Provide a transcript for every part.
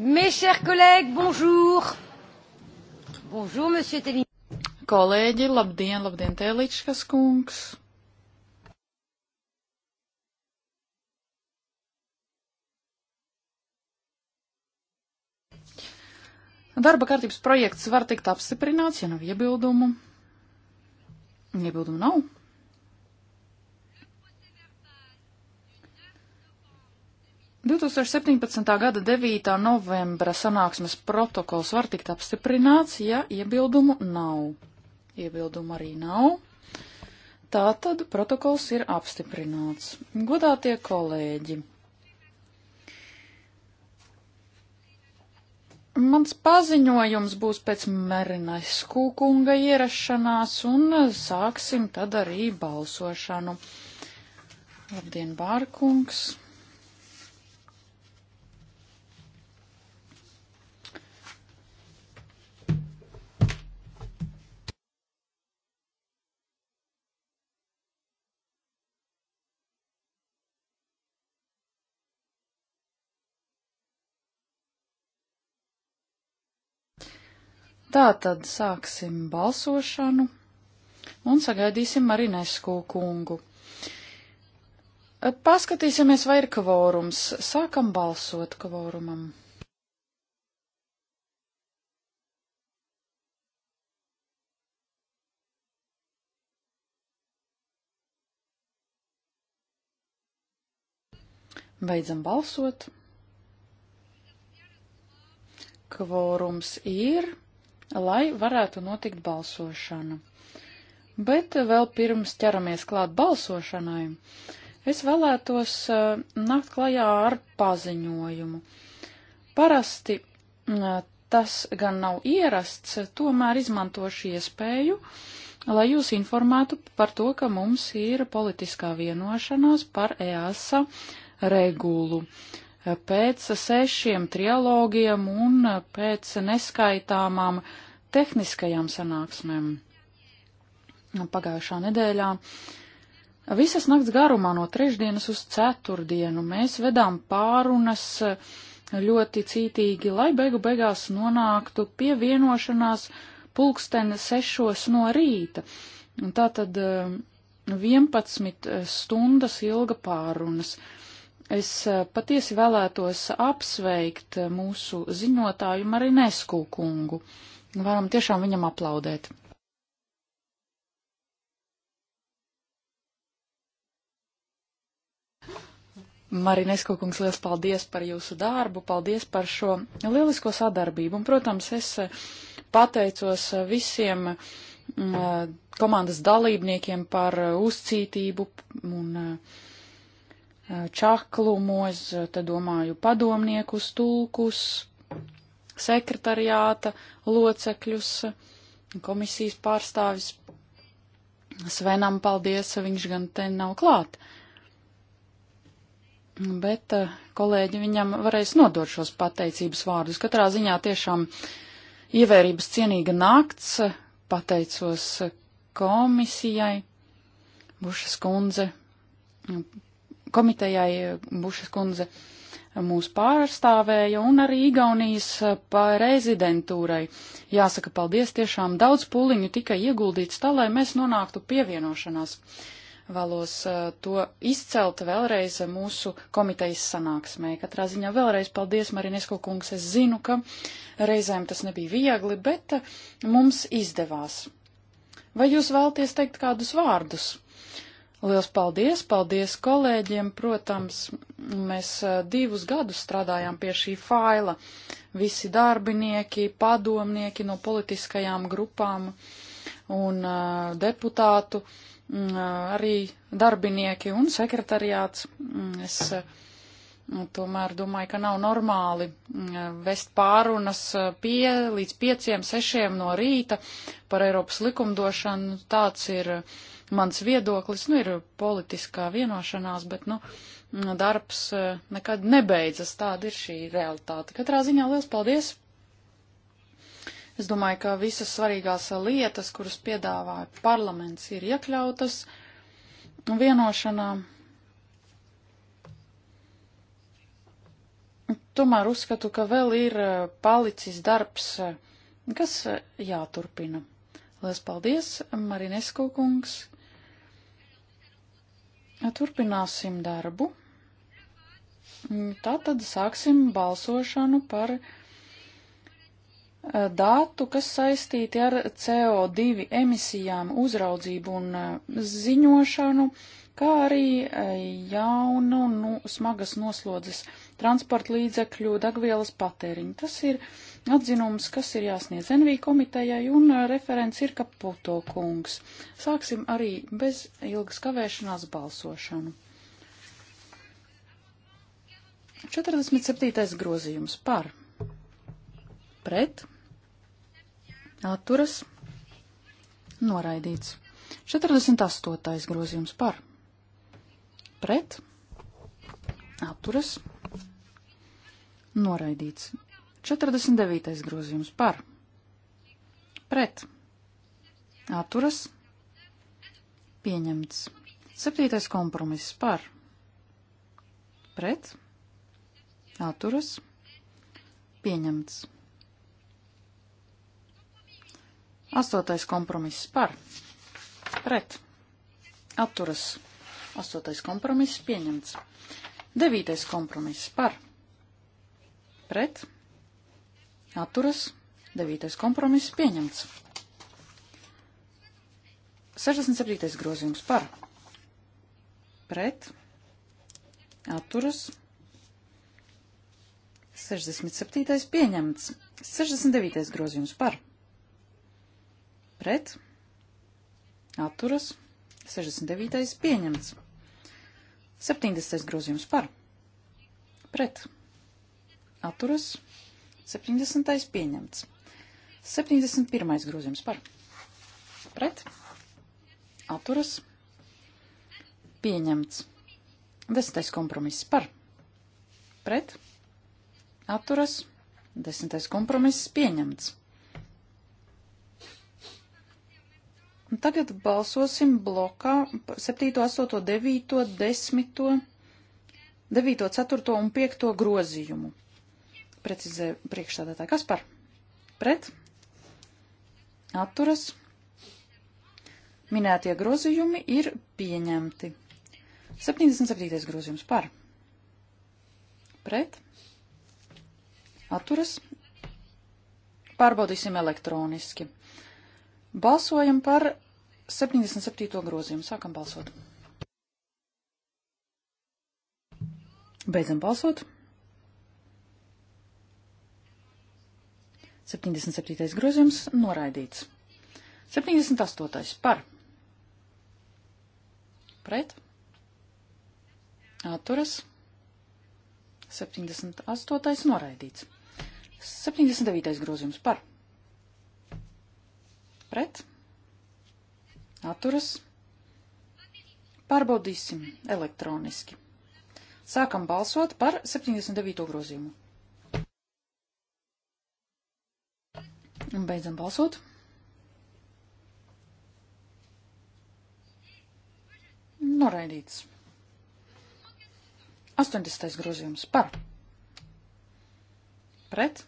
Mes chers collègues, bonjour! Bonjour, monsieur Telī. Kolēģi, labdien, labdien, Tēličkas kungs! Darba kārtības projekts var tikt apstiprināts, ja nav iebildumu. Iebildumu nav. 2017. gada 9. novembra sanāksmes protokols var tikt apstiprināts, ja iebildumu nav. Iebildumu arī nav. Tātad protokols ir apstiprināts. Godātie kolēģi! Mans paziņojums būs pēc Merinais kūkunga ierašanās un sāksim tad arī balsošanu. Labdien, Bārkungs! Tā tad sāksim balsošanu un sagaidīsim arī Nesku kungu. Paskatīsimies, vai ir kvorums. Sākam balsot kvorumam. Beidzam balsot. Kvorums ir lai varētu notikt balsošana. Bet vēl pirms ķeramies klāt balsošanai, es vēlētos uh, nākt klajā ar paziņojumu. Parasti uh, tas gan nav ierasts, tomēr izmantošu iespēju, lai jūs informētu par to, ka mums ir politiskā vienošanās par EASA regulu. Uh, pēc sešiem trialogiem un pēc neskaitāmām tehniskajām sanāksmēm pagājušā nedēļā. Visas nakts garumā no trešdienas uz ceturtdienu mēs vedām pārunas ļoti cītīgi, lai beigu beigās nonāktu pie vienošanās pulksten sešos no rīta. Un tā tad 11 eh, stundas ilga pārunas. Uh, Es patiesi vēlētos apsveikt mūsu ziņotāju Marinesku kungu. Varam tiešām viņam aplaudēt. Marinesko kungs, liels paldies par jūsu darbu, paldies par šo lielisko sadarbību. Un, protams, es pateicos visiem m, komandas dalībniekiem par uzcītību un uh, čaklumos, tad domāju padomniekus, tulkus, sekretariāta locekļus, komisijas pārstāvis. Svenam paldies, viņš gan te nav klāt. Bet eh, kolēģi viņam varēs nodot šos pateicības vārdus. Katrā ziņā tiešām ievērības cienīga nakts, pateicos komisijai, Bušas kundze, komitejai eh, Bušas kundze eh, mūs pārstāvēja un arī Igaunijas eh, prezidentūrai. Jāsaka paldies, tiešām daudz puliņu tika ieguldīts tā, lai mēs nonāktu pievienošanās. Vēlos to izcelt vēlreiz mūsu komitejas sanāksmē. Katrā ziņā vēlreiz paldies, Marinesko kungs. Es zinu, ka reizēm tas nebija viegli, bet mums izdevās. Vai jūs vēlties teikt kādus vārdus? Liels paldies! Paldies kolēģiem! Protams, mēs eh, divus gadus strādājām pie šī faila. Visi darbinieki, padomnieki no politiskajām grupām un uh, deputātu, uh, arī darbinieki un sekretariāts. Mm, es uh, tomēr domāju, ka nav normāli uh, vest pārunas pie, līdz pieciem, sešiem no rīta par Eiropas likumdošanu. Tāds ir. Uh, mans viedoklis, nu, ir politiskā vienošanās, bet, nu, darbs eh, nekad nebeidzas, tāda ir šī realitāte. Katrā ziņā liels paldies! Es domāju, ka visas svarīgās lietas, kuras piedāvāja parlaments, ir iekļautas vienošanā. Tomēr uzskatu, ka vēl ir eh, palicis darbs, eh, kas jāturpina. Lielas paldies, Marinesku kungs! Turpināsim darbu. Tātad sāksim balsošanu par eh, datu, kas saistīti ar CO2 emisijām, uzraudzību un eh, ziņošanu, kā arī eh, jaunu nu, smagas noslodzes transporta līdzekļu degvielas patēriņu. Tas ir atzinums, kas ir jāsniedz NV komitejai, un uh, referents ir Kaputo kungs. Sāksim arī bez ilgas kavēšanās balsošanu. 47. grozījums par pret atturas noraidīts. 48. grozījums par pret atturas noraidīts. 49. grozījums par pret atturas pieņemts. 7. kompromiss par pret atturas pieņemts. 8. kompromiss par pret atturas. 8. kompromiss pieņemts. 9. kompromiss par pret atturas Atturas. Devītais kompromiss pieņemts. 67. grozījums par. Pret. Atturas. 67. pieņemts. 69. grozījums par. Pret. Atturas. 69. pieņemts. 70. grozījums par. Pret. Atturas. 70. pieņemts. 71. grozījums par. Pret. Atturas. Pieņemts. 10. kompromiss par. Pret. Atturas. 10. kompromiss pieņemts. Un tagad balsosim blokā 7, 8, 9, 10, 9, 4 un 5 grozījumu jāprecizē priekšstādātāji. Kas par? Pret? Atturas? Minētie grozījumi ir pieņemti. 77. grozījums par. Pret. Atturas. Pārbaudīsim elektroniski. Balsojam par 77. grozījumu. Sākam balsot. Beidzam balsot. 77. grozījums noraidīts. 78. par. Pret. Atturas. 78. noraidīts. 79. grozījums par. Pret. Atturas. Pārbaudīsim elektroniski. Sākam balsot par 79. grozījumu. Un beidzam balsot. Noraidīts. 80. grozījums par. Pret.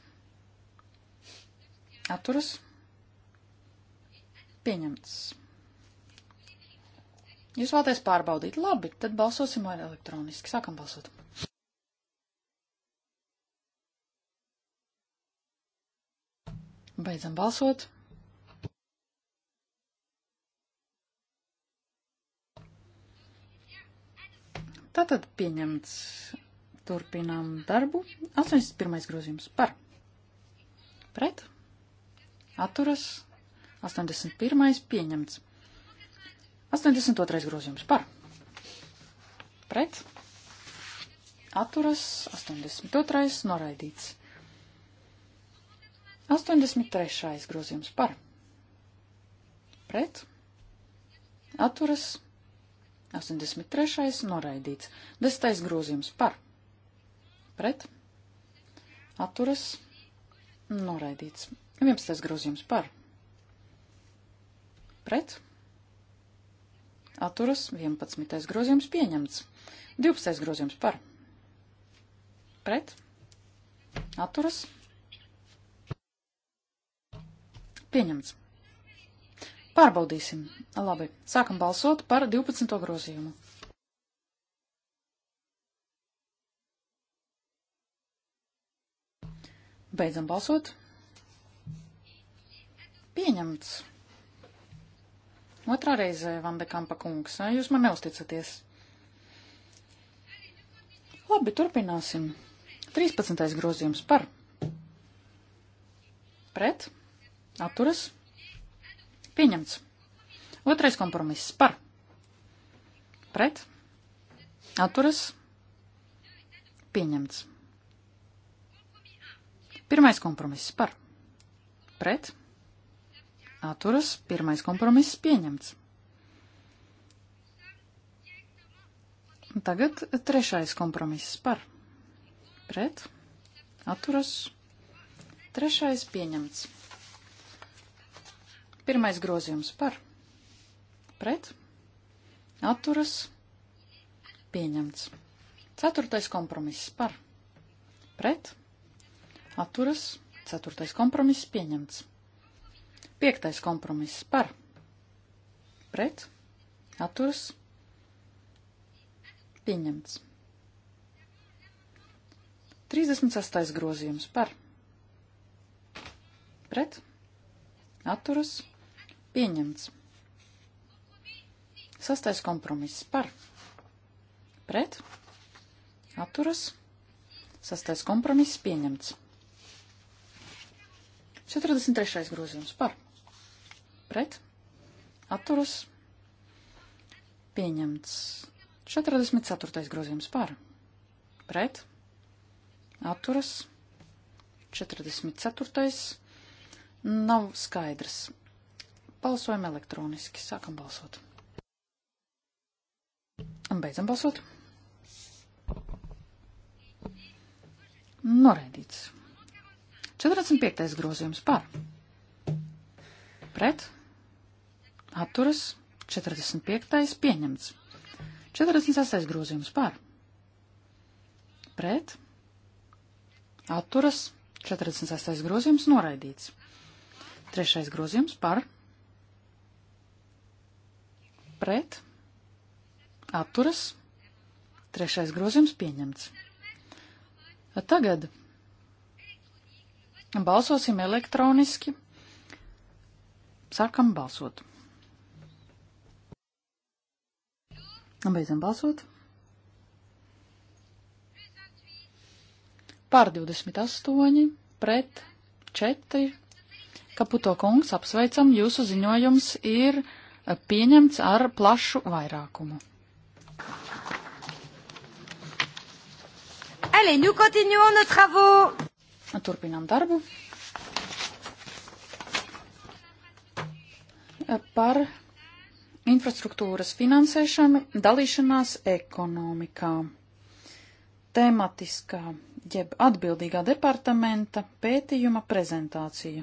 Atturas. Pieņemts. Jūs vēlaties pārbaudīt? Labi, tad balsosim ar elektroniski. Sākam balsot. Beidzam balsot. Tātad pieņemts. Turpinām darbu. 81. grozījums par. Pret. Atturas. 81. pieņemts. 82. grozījums par. Pret. Atturas. 82. noraidīts. 83. grozījums par pret atturas 83. noraidīts. 10. grozījums par pret atturas noraidīts. 11. grozījums par pret atturas 11. grozījums pieņemts. 12. grozījums par pret atturas 11. Pieņemts. Pārbaudīsim. Labi, sākam balsot par 12. grozījumu. Beidzam balsot. Pieņemts. Otrā reize, Vandekampa kungs, jūs man neusticaties. Labi, turpināsim. 13. grozījums par. Pret. Atturas. Pieņemts. Otrais kompromiss. Par. Pret. Atturas. Pieņemts. Pirmais kompromiss. Par. Pret. Atturas. Pirmais kompromiss. Pieņemts. Tagad trešais kompromiss. Par. Pret. Atturas. Trešais pieņemts. Pirmais grozījums par pret atturas pieņemts. Ceturtais kompromiss par pret atturas ceturtais kompromiss pieņemts. Piektais kompromiss par pret atturas pieņemts. 36. grozījums par pret atturas pieņemts Pieņemts. Sastais kompromiss par. Pret. Atturas. Sastais kompromiss pieņemts. 43. grozījums par. Pret. Atturas. Pieņemts. 44. grozījums par. Pret. Atturas. 44. Nav skaidrs. Balsojam elektroniski. Sākam balsot. Un beidzam balsot. Noraidīts. 45. grozījums par. Pret. Atturas. 45. pieņemts. 46. grozījums par. Pret. Atturas. 46. grozījums noraidīts. Trešais grozījums par pret, atturas, trešais grozījums pieņemts. Tagad balsosim elektroniski, sākam balsot. Beidzam balsot. Pār 28, pret 4. Kaputo kungs, apsveicam, jūsu ziņojums ir pieņemts ar plašu vairākumu. Allez, nous continuons nos travaux. Turpinām darbu. Par infrastruktūras finansēšanu dalīšanās ekonomikā. Tematiskā jeb atbildīgā departamenta pētījuma prezentācija.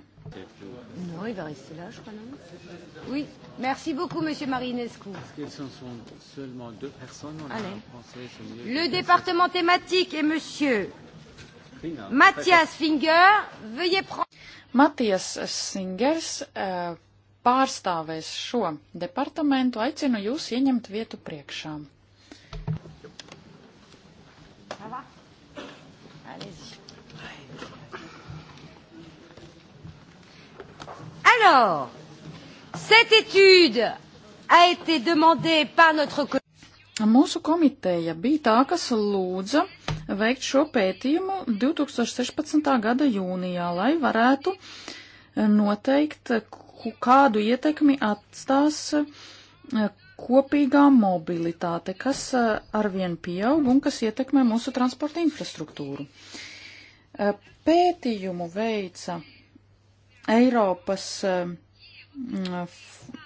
Non, il va rester là, je crois, non Oui. Merci beaucoup, Monsieur Marinescu. Parce qu'ils sont, sont seulement deux personnes. On Allez. Français, Le département thématique est Monsieur Fina. Mathias Finger. Veuillez prendre. Mathias Singers eh, pārstāvēs šo departamentu. Aicinu jūs ieņemt vietu priekšām. Alors, cette étude a été demandée par notre Mūsu komiteja bija tā, kas lūdza veikt šo pētījumu 2016. gada jūnijā, lai varētu e, noteikt, kādu ietekmi atstās e, kopīgā mobilitāte, kas e, arvien pieaug un kas ietekmē mūsu transporta infrastruktūru. Pētījumu veica Eiropas um, mm,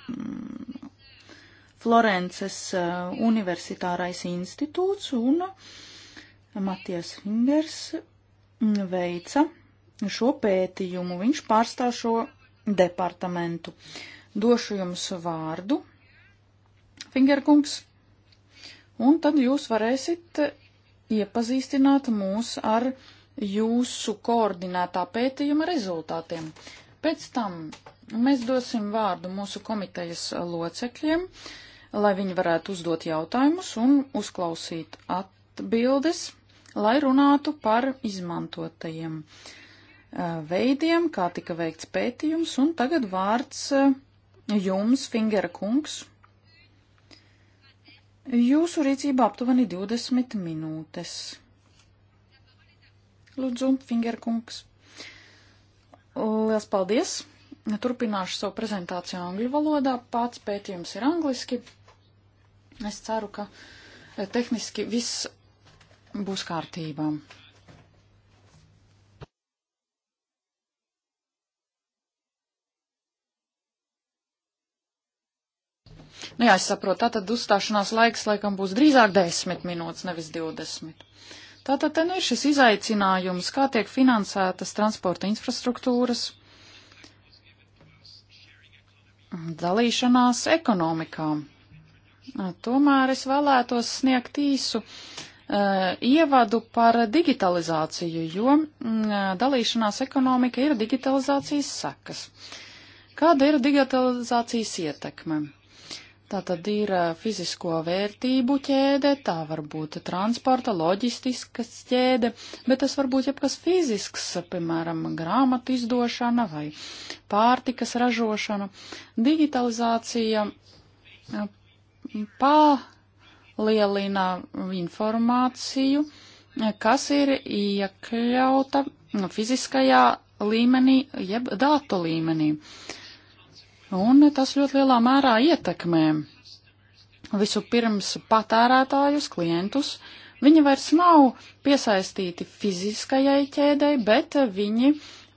mm, Florences uh, Universitārais institūts un Matijas Fingers mm, veica šo pētījumu. Viņš pārstāv šo departamentu. Došu jums vārdu, Fingerkungs, un tad jūs varēsit iepazīstināt mūs ar jūsu koordinētā pētījuma rezultātiem. Uh, Pēc tam mēs dosim vārdu mūsu komitejas locekļiem, lai viņi varētu uzdot jautājumus un uzklausīt atbildes, lai runātu par izmantotajiem veidiem, kā tika veikts pētījums, un tagad vārds jums, Fingera kungs. Jūsu rīcība aptuveni 20 minūtes. Lūdzu, Fingera kungs. Lielas paldies! Turpināšu savu prezentāciju angļu valodā. Pats pētījums ir angliski. Es ceru, ka eh, tehniski viss būs kārtībā. Nu jā, es saprotu, tātad uzstāšanās laiks laikam būs drīzāk 10 minūtes, nevis 20. Tātad te nu ir šis izaicinājums, kā tiek finansētas transporta infrastruktūras dalīšanās ekonomikām. Tomēr es vēlētos sniegt īsu e, ievadu par digitalizāciju, jo e, dalīšanās ekonomika ir digitalizācijas sekas. Kāda ir digitalizācijas ietekme? Tā tad ir fizisko vērtību ķēde, tā var būt transporta, loģistiskas ķēde, bet tas var būt jebkas fizisks, piemēram, grāmatu izdošana vai pārtikas ražošana. Digitalizācija palielina informāciju, kas ir iekļauta fiziskajā līmenī, jeb datu līmenī. Uh, un tas ļoti lielā mērā ietekmē vispirms patērētājus, klientus. Viņi vairs nav piesaistīti fiziskajai ķēdei, bet viņi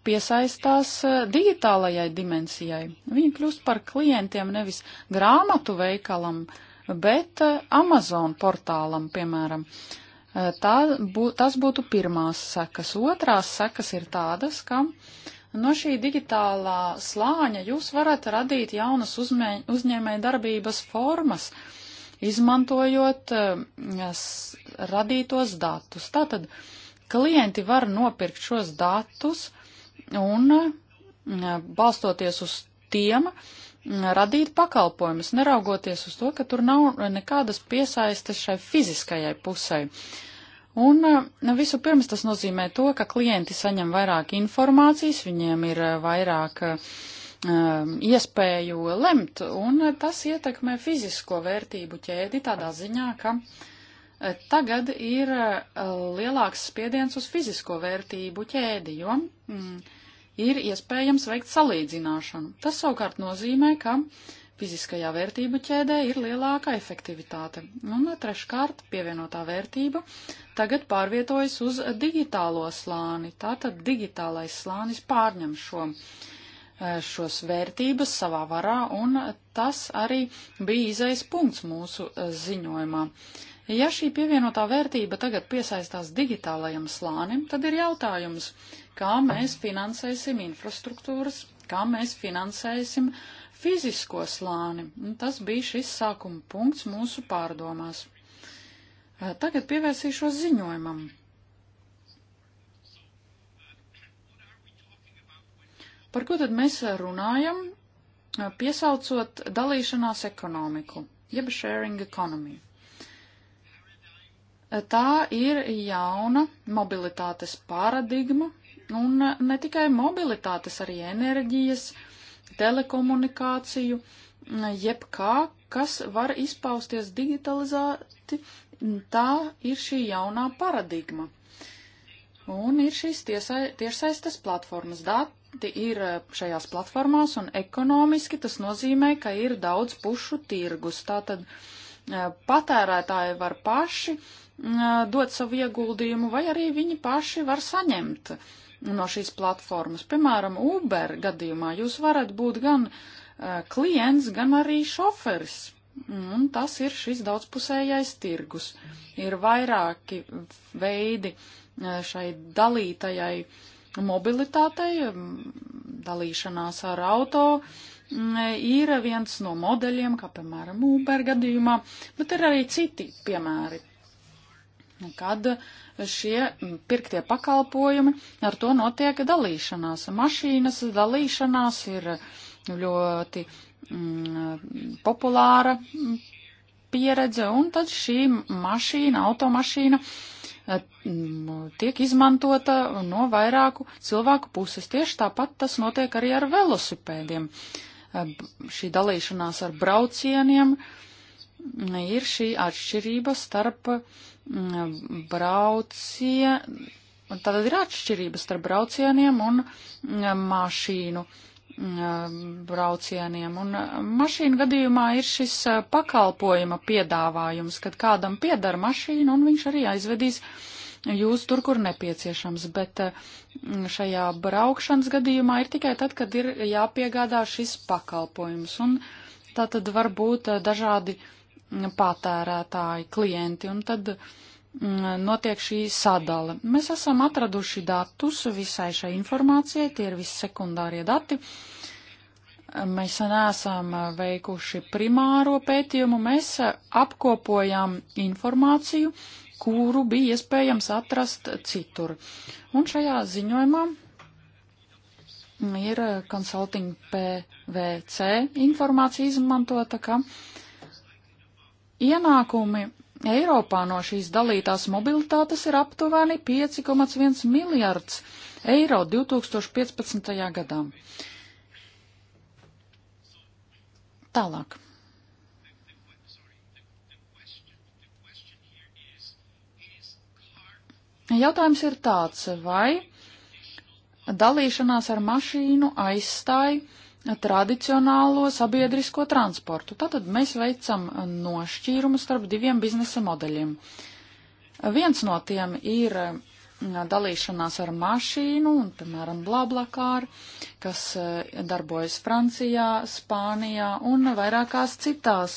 piesaistās e, digitālajai dimensijai. Viņi kļūst par klientiem nevis grāmatu veikalam, bet e, Amazon portālam, piemēram. E, tā, bū, tas būtu pirmās sekas. Otrās sekas ir tādas, ka No šī digitālā slāņa jūs varat radīt jaunas uzņēmēja darbības formas, izmantojot es, eh, radītos datus. Tātad klienti var nopirkt šos datus un, eh, balstoties uz tiem, radīt pakalpojumus, neraugoties uz to, ka tur nav nekādas piesaistes šai fiziskajai pusei. Uh, Un eh, nu, visu pirms tas nozīmē to, ka klienti saņem vairāk informācijas, viņiem ir eh, vairāk um, iespēju lemt, un tas ietekmē fizisko vērtību ķēdi tādā ziņā, ka tagad ir lielāks spiediens uz fizisko vērtību ķēdi, jo mm, ir iespējams veikt salīdzināšanu. Tas savukārt nozīmē, ka uh, fiziskajā vērtību ķēdē ir lielāka efektivitāte. Un treškārt, pievienotā vērtība tagad pārvietojas uz digitālo slāni. Tātad digitālais slānis pārņem šo, e, šos vērtības savā varā, un tas arī bija izais punkts mūsu e, ziņojumā. Ja šī pievienotā vērtība tagad piesaistās digitālajam slānim, tad ir jautājums, kā mēs finansēsim infrastruktūras, kā mēs finansēsim uh, fizisko slāni. Un tas bija šis sākuma punkts mūsu pārdomās. Tagad pievērsīšos ziņojumam. Par ko tad mēs runājam, piesaucot dalīšanās ekonomiku, jeb sharing economy? Tā ir jauna mobilitātes paradigma, un ne tikai mobilitātes, arī enerģijas, uh, telekomunikāciju, jebkā, kas var izpausties digitalizēti, tā ir šī jaunā paradigma. Un ir šīs tiesai, tiešsaistes platformas. Dati ir šajās platformās un ekonomiski tas nozīmē, ka ir daudz pušu tirgus. Tātad e, patērētāji var paši e, dot savu ieguldījumu vai arī viņi paši var saņemt uh, no šīs platformas. Piemēram, Uber gadījumā jūs varat būt gan uh, klients, gan arī šoferis. Un tas ir šis daudzpusējais tirgus. Ir vairāki veidi e, šai dalītajai mobilitātei, dalīšanās ar auto, ir viens no modeļiem, kā piemēram Uber gadījumā, bet ir arī citi piemēri kad šie pirktie pakalpojumi ar to notiek dalīšanās. Mašīnas dalīšanās ir ļoti mm, populāra mm, pieredze, un tad šī mašīna, automašīna mm, tiek izmantota no vairāku cilvēku puses. Tieši tāpat tas notiek arī ar velosipēdiem. Šī dalīšanās ar braucieniem mm, ir šī atšķirība starp uh, Mm, braucieni, tad ir atšķirības starp braucieniem un mm, mašīnu mm, braucieniem. Un mašīnu gadījumā ir šis pakalpojuma piedāvājums, kad kādam piedara mašīna un viņš arī aizvedīs jūs tur, kur nepieciešams, bet šajā braukšanas gadījumā ir tikai tad, kad ir jāpiegādā šis pakalpojums. Un tā tad var būt dažādi patērētāji, klienti, un tad mm, notiek šī sadale. Mēs esam atraduši datus visai šai informācijai, tie ir visi sekundārie dati. Mēs neesam veikuši primāro pētījumu, mēs apkopojam informāciju, kuru bija iespējams atrast citur. Un šajā ziņojumā ir Consulting PVC informācija izmantota, ka uh, Ienākumi Eiropā no šīs dalītās mobilitātes ir aptuveni 5,1 miljards eiro 2015. gadā. Tālāk. Jautājums ir tāds, vai dalīšanās ar mašīnu aizstāja tradicionālo sabiedrisko transportu. Tātad mēs veicam nošķīrumu starp diviem biznesa modeļiem. Viens no tiem ir mm, dalīšanās ar mašīnu, un, piemēram, blablakāru, kas eh, darbojas Francijā, Spānijā un vairākās citās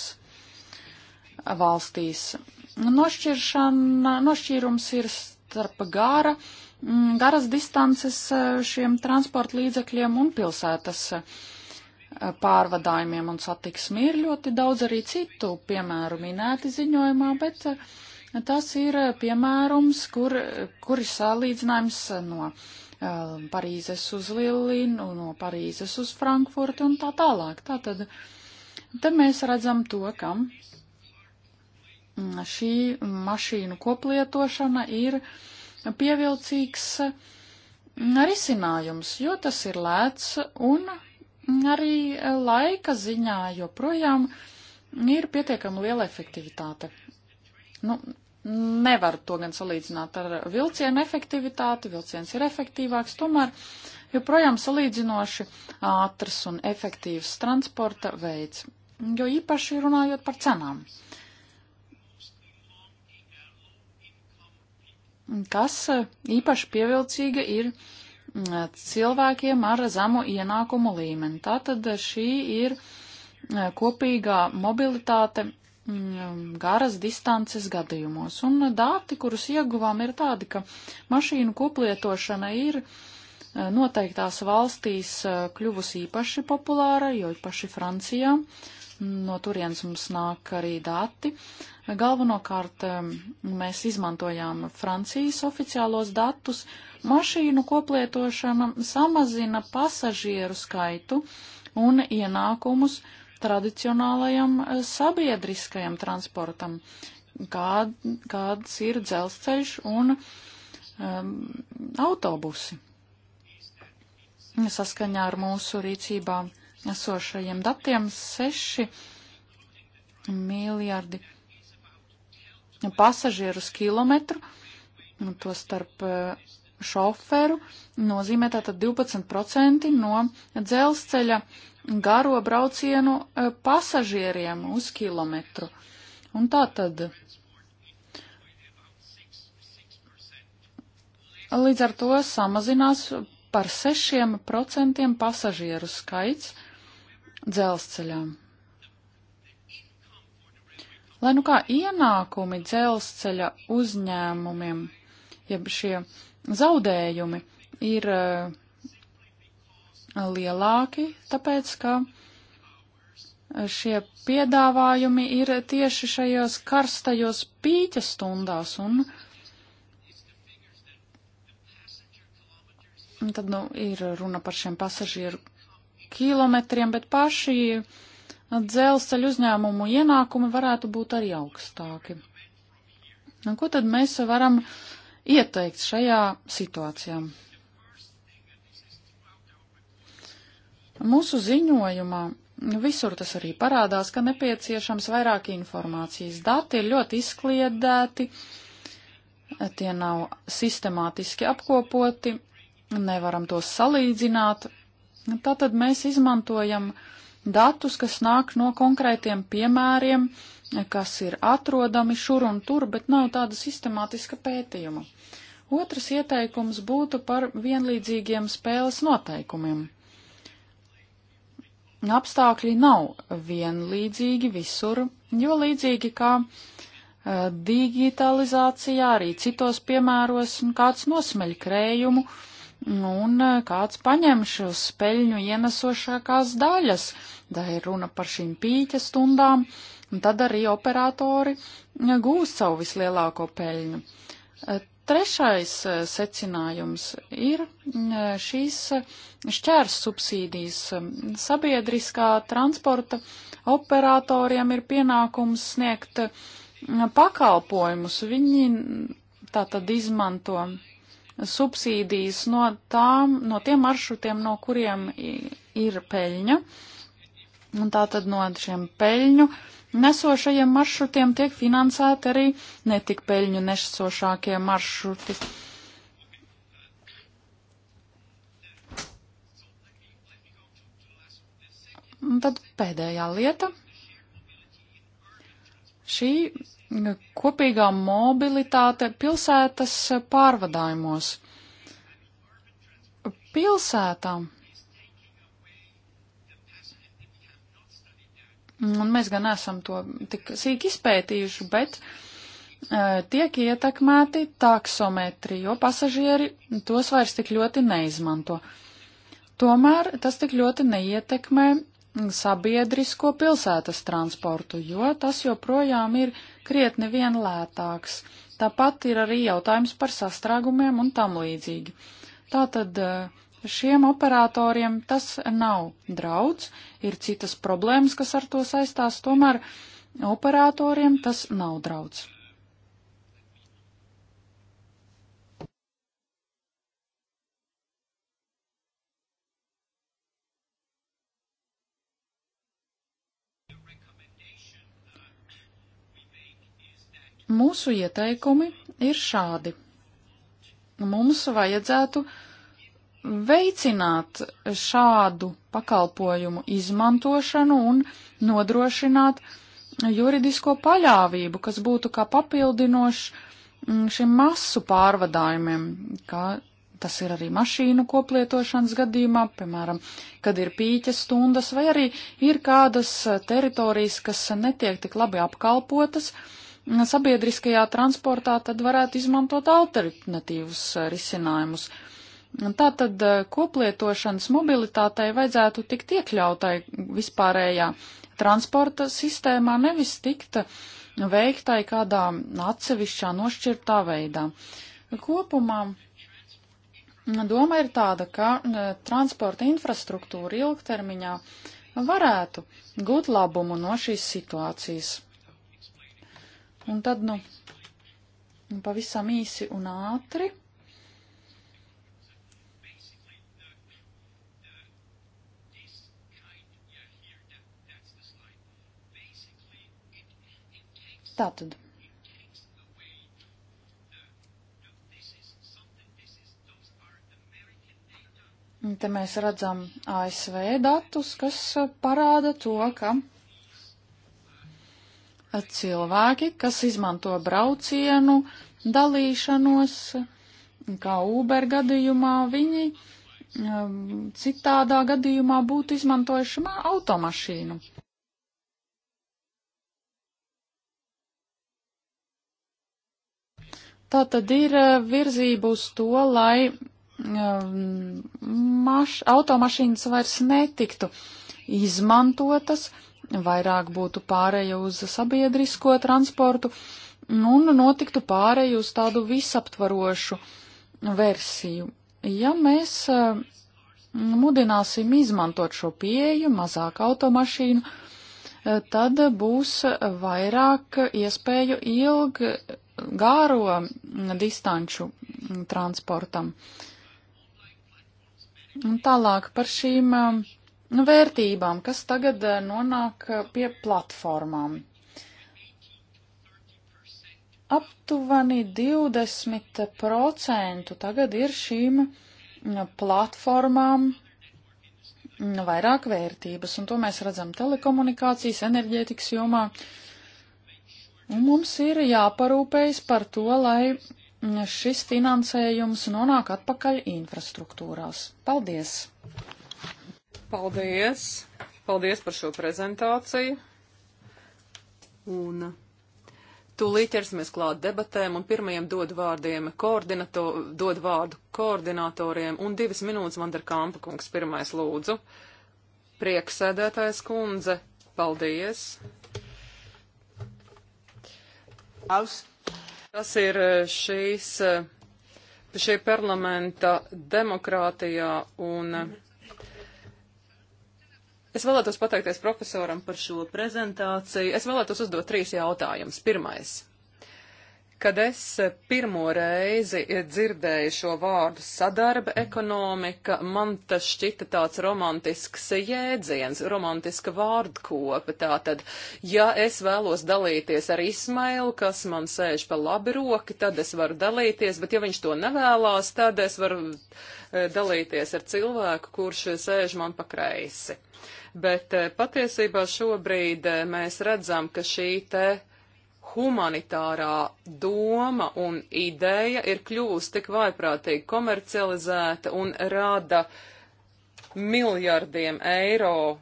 valstīs. Nošķiršana, nošķīrums ir starp gāra, mm, garas distances eh, šiem transporta līdzekļiem un pilsētas eh, Eh, pārvadājumiem un satiksmi. Ir ļoti daudz arī citu piemēru minēti ziņojumā, bet eh, tas ir eh, piemērums, kur, kur ir salīdzinājums no Parīzes uz Lillinu, no Parīzes uz Frankfurti un tā tālāk. Tātad te mēs redzam to, ka mm, šī mašīnu koplietošana ir pievilcīgs mm, risinājums, jo tas ir lēts un arī eh, laika ziņā joprojām ir pietiekami liela efektivitāte. Nu, nevar to gan salīdzināt ar vilcienu efektivitāti, vilciens ir efektīvāks, tomēr joprojām salīdzinoši ātrs un efektīvs transporta veids, jo īpaši runājot par cenām. Kas eh, īpaši pievilcīga ir uh, cilvēkiem ar zemu ienākumu līmeni. Tātad šī ir e, kopīgā mobilitāte mm, garas distances gadījumos. Un dati, kurus ieguvām, ir tādi, ka mašīnu koplietošana ir e, noteiktās valstīs e, kļuvusi īpaši populāra, jo īpaši Francijā. No turienes mums nāk arī dati. Galvenokārt mēs izmantojām Francijas oficiālos datus. Mašīnu koplietošana samazina pasažieru skaitu un ienākumus tradicionālajam e, sabiedriskajam transportam, kā, kāds ir dzelzceļš un um, autobusi. Saskaņā ar mūsu rīcībā esošajiem datiem 6 miljardi pasažierus kilometru, to starp e, šoferu, nozīmē tātad 12% no dzelzceļa garo braucienu e, pasažieriem uz kilometru. Un tā tad. Līdz ar to samazinās par 6% pasažieru skaits dzelzceļām. Lai nu kā ienākumi dzelzceļa uzņēmumiem, jeb šie zaudējumi ir eh, lielāki, tāpēc ka šie piedāvājumi ir tieši šajos karstajos pīķa stundās un tad, nu, ir runa par šiem pasažieru kilometriem, bet paši dzelzceļu uzņēmumu ienākumi varētu būt arī augstāki. Un ko tad mēs varam ieteikt šajā situācijā? Mūsu ziņojumā visur tas arī parādās, ka nepieciešams vairāk informācijas. Dati ir ļoti izkliedēti, tie nav sistemātiski apkopoti, nevaram tos salīdzināt. Tātad mēs izmantojam uh, datus, kas nāk no konkrētiem piemēriem, kas ir atrodami šur un tur, bet nav tāda sistemātiska pētījuma. Otrs ieteikums būtu par vienlīdzīgiem spēles noteikumiem. Apstākļi nav vienlīdzīgi visur, jo līdzīgi kā e, digitalizācijā, arī citos piemēros kāds nosmeļ krējumu, uh, Nu, un e, kāds paņem šos peļņu ienesošākās daļas. Tā da ir runa par šīm pīķa stundām, un tad arī operatori e, gūs savu vislielāko peļņu. E, trešais secinājums ir šīs šķērs subsīdijas. Sabiedriskā transporta operatoriem ir pienākums sniegt pakalpojumus. Viņi tātad izmanto subsīdijas no, tām, no tiem maršrutiem, no kuriem ir peļņa. Un tā tad no šiem peļņu nesošajiem maršrutiem tiek finansēti arī netik peļņu nesošākie maršruti. Un tad pēdējā lieta. Šī kopīgā mobilitāte pilsētas pārvadājumos. Pilsētām. Un mēs gan esam to tik sīk izpētījuši, bet e, tiek ietekmēti taksometri, jo pasažieri tos vairs tik ļoti neizmanto. Tomēr tas tik ļoti neietekmē sabiedrisko pilsētas transportu, jo tas joprojām ir uh, krietni vien lētāks. Tāpat ir arī jautājums par sastrēgumiem un tam līdzīgi. Tātad eh, šiem operatoriem tas nav draudz, ir citas problēmas, kas ar to saistās, tomēr operatoriem tas nav draudz. Mūsu ieteikumi ir šādi. Mums vajadzētu veicināt šādu pakalpojumu izmantošanu un nodrošināt juridisko paļāvību, kas būtu kā papildinošs mm, šim masu pārvadājumiem, kā tas ir arī mašīnu koplietošanas gadījumā, piemēram, kad ir pīķes stundas, vai arī ir kādas teritorijas, kas netiek tik labi apkalpotas, uh, sabiedriskajā transportā, tad varētu izmantot alternatīvus eh, risinājumus. Tātad eh, koplietošanas mobilitātei vajadzētu tikt iekļautai vispārējā transporta sistēmā, nevis tikt veiktai kādā atsevišķā nošķirtā veidā. Kopumā doma ir tāda, ka transporta infrastruktūra ilgtermiņā varētu gūt labumu no šīs situācijas. Un tad, nu, pavisam īsi un ātri. Tātad. Un te mēs redzam ASV datus, kas parāda to, ka cilvēki, kas izmanto braucienu, dalīšanos, kā Uber gadījumā, viņi um, citādā gadījumā būtu izmantojuši automašīnu. Tā tad ir uh, virzība uz to, lai um, maš, automašīnas vairs netiktu izmantotas, vairāk būtu pārēja uz sabiedrisko transportu nu, un notiktu pārēja uz tādu visaptvarošu versiju. Ja mēs eh, mudināsim izmantot šo pieeju, mazāk automašīnu, eh, tad būs vairāk iespēju ilg gāro distanču transportam. Un tālāk par šīm uh, Nu, vērtībām, kas tagad eh, nonāk eh, pie platformām. Aptuveni 20% tagad ir šīm mm, platformām mm, vairāk vērtības, un to mēs redzam telekomunikācijas, enerģētikas jomā. Un mums ir jāparūpējas par to, lai mm, šis finansējums nonāk atpakaļ infrastruktūrās. Paldies! Paldies! Paldies par šo prezentāciju! Un tūlīt ķersimies klāt debatēm un pirmajiem dod vārdiem koordinato, dod vārdu koordinatoriem un divas minūtes Vanderkampa kungs pirmais lūdzu. Prieksēdētājs kundze, paldies! Aus. Tas ir eh, šīs, eh, šie parlamenta demokrātijā un. Mm -hmm Es vēlētos pateikties profesoram par šo prezentāciju. Es vēlētos uzdot trīs jautājumus. Pirmais. Kad es pirmo reizi dzirdēju šo vārdu sadarba ekonomika, man tas šķita tāds romantisks jēdziens, romantiska vārdkopa. Tātad, ja es vēlos dalīties ar Ismailu, kas man sēž pa labi roki, tad es varu dalīties, bet ja viņš to nevēlās, tad es varu eh, dalīties ar cilvēku, kurš sēž man pa kreisi bet eh, patiesībā šobrīd eh, mēs redzam, ka šī te humanitārā doma un ideja ir kļuvusi tik vaiprātīgi komercializēta un rada miljardiem eiro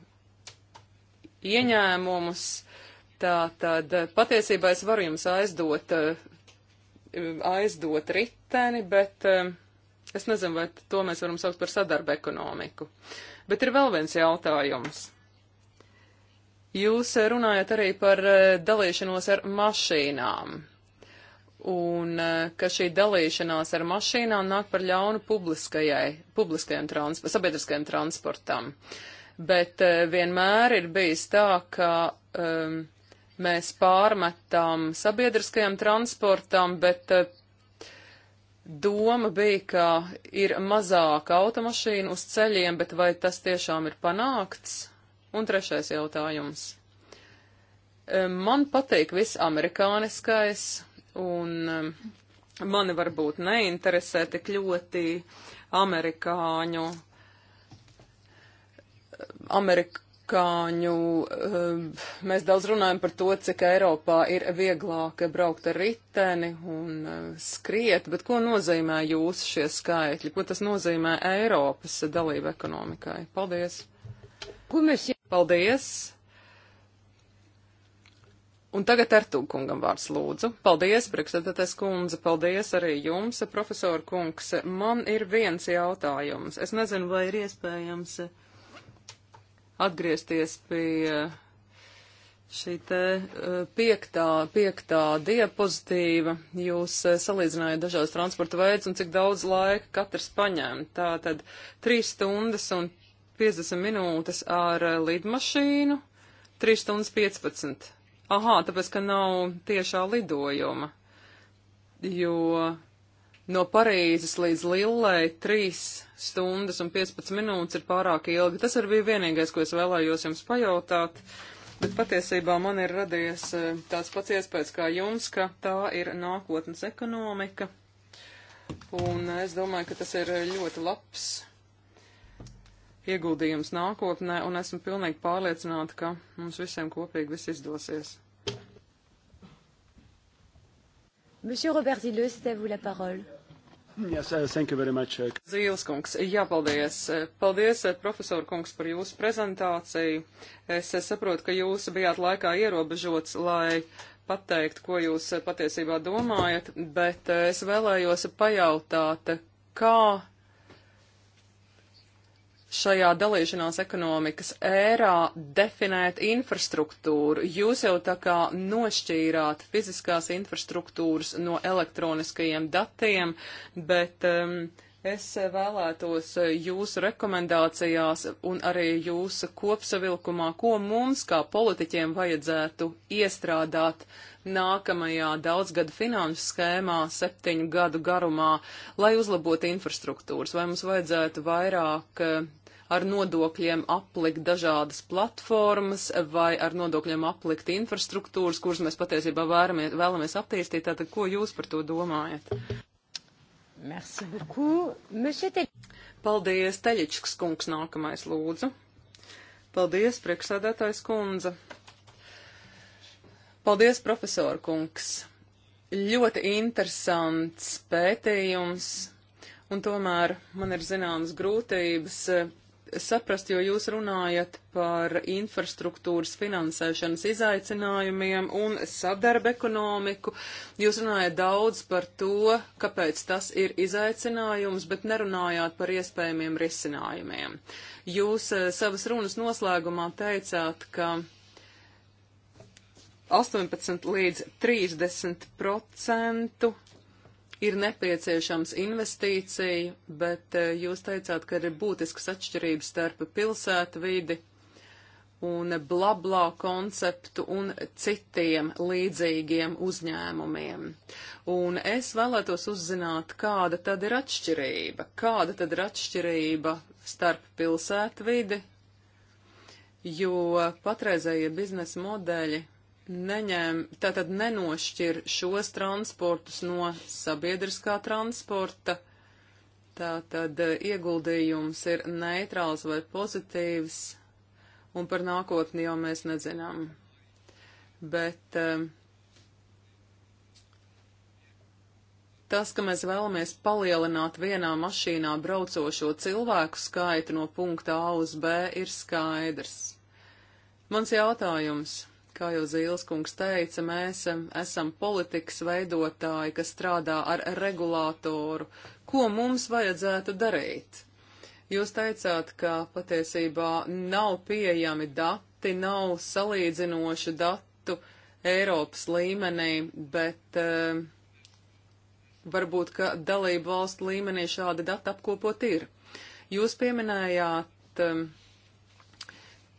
ieņēmumus. Tātad eh, patiesībā es varu jums aizdot, aizdot riteni, bet es nezinu, vai to mēs varam saukt par sadarbu ekonomiku. Uh, Bet ir vēl viens jautājums. Jūs eh, runājat arī par eh, dalīšanos ar mašīnām un eh, ka šī dalīšanās ar mašīnām nāk par ļaunu publiskajai, publiskajam transp sabiedriskajam transportam. Bet vienmēr ir bijis tā, ka um, mēs pārmetam sabiedriskajam transportam, bet uh, doma bija, ka ir mazāk automašīnu uz ceļiem, bet vai tas tiešām ir panākts? Un trešais jautājums. E, man patīk viss amerikāniskais, un e, mani varbūt neinteresē tik ļoti amerikāņu, e, amerik, amerikāņu, eh, mēs daudz runājam par to, cik Eiropā ir vieglāk braukt ar riteni un eh, skriet, bet ko nozīmē jūsu šie skaitļi? Ko tas nozīmē Eiropas dalību ekonomikai? Paldies! Paldies! Un tagad Ertūkungam vārds lūdzu. Paldies, priekšstādātais kundze, paldies arī jums, profesora kungs. Man ir viens jautājums. Es nezinu, vai ir iespējams. Uh, atgriezties pie šī te e, piektā, piektā diapozitīva. Jūs e, salīdzinājāt dažādas transporta veids un cik daudz laika katrs paņēma. Tā tad 3 stundas un 50 minūtes ar e, lidmašīnu, 3 stundas 15. Aha, tāpēc, ka nav tiešā lidojuma, jo No Parīzes līdz Lillei 3 stundas un 15 minūtes ir pārāk ilgi. Tas arī bija vienīgais, ko es vēlējos jums pajautāt, bet patiesībā man ir radies e, tāds pats iespējas kā jums, ka tā ir nākotnes ekonomika. Un e, es domāju, ka tas ir ļoti labs ieguldījums nākotnē, un esmu pilnīgi pārliecināta, ka mums visiem kopīgi viss izdosies. Monsieur Robert Zilleux, c'est à vous la parole. Yes, uh, thank you very much. Uh, Zīles kungs, jāpaldies. Paldies, uh, profesor kungs, par jūsu prezentāciju. Es saprotu, ka jūs bijāt laikā ierobežots, lai pateikt, ko jūs patiesībā domājat, bet es vēlējos pajautāt, kā šajā dalīšanās ekonomikas ērā definēt infrastruktūru. Jūs jau tā kā nošķīrāt fiziskās infrastruktūras no elektroniskajiem datiem, bet um, es vēlētos jūsu rekomendācijās un arī jūsu kopsavilkumā, ko mums kā politiķiem vajadzētu iestrādāt nākamajā daudzgadu finanšu schēmā, septiņu gadu garumā, lai uzlabotu infrastruktūras? Vai mums vajadzētu vairāk eh, ar nodokļiem aplikt dažādas platformas vai ar nodokļiem aplikt infrastruktūras, kuras mēs patiesībā vēramies, vēlamies attīstīt. Tātad, ko jūs par to domājat? Merci beaucoup. Monsieur Te... Paldies, Teļičs kungs, nākamais lūdzu. Paldies, priekšsēdētājs kundze. Paldies, profesor kungs. Ļoti interesants pētījums, un tomēr man ir zināmas grūtības saprast, jo jūs runājat par infrastruktūras finansēšanas izaicinājumiem un sadarba ekonomiku. Jūs runājat daudz par to, kāpēc tas ir izaicinājums, bet nerunājāt par iespējamiem risinājumiem. Jūs eh, savas runas noslēgumā teicāt, ka 18 līdz 30 procentu ir nepieciešams investīcija, bet eh, jūs teicāt, ka ir būtiskas atšķirības starp pilsētu vidi un blablā konceptu un citiem līdzīgiem uzņēmumiem. Un es vēlētos uzzināt, kāda tad ir atšķirība, kāda tad ir atšķirība starp pilsētu vidi, jo patreizējie biznesa modeļi neņem, tātad nenošķir šos transportus no sabiedriskā transporta. Tātad eh, ieguldījums ir neitrāls vai pozitīvs, un par nākotni jau mēs nezinām. Bet eh, tas, ka mēs vēlamies palielināt vienā mašīnā braucošo cilvēku skaitu no punkta A uz B, ir skaidrs. Mans jautājums Kā jau Zīleskungs teica, mēs esam politikas veidotāji, kas strādā ar regulātoru. Ko mums vajadzētu darīt? Jūs teicāt, ka patiesībā nav pieejami dati, nav salīdzinoši datu Eiropas līmenī, bet e, varbūt, ka dalību valstu līmenī šādi dati apkopot ir. Jūs pieminējāt um, e,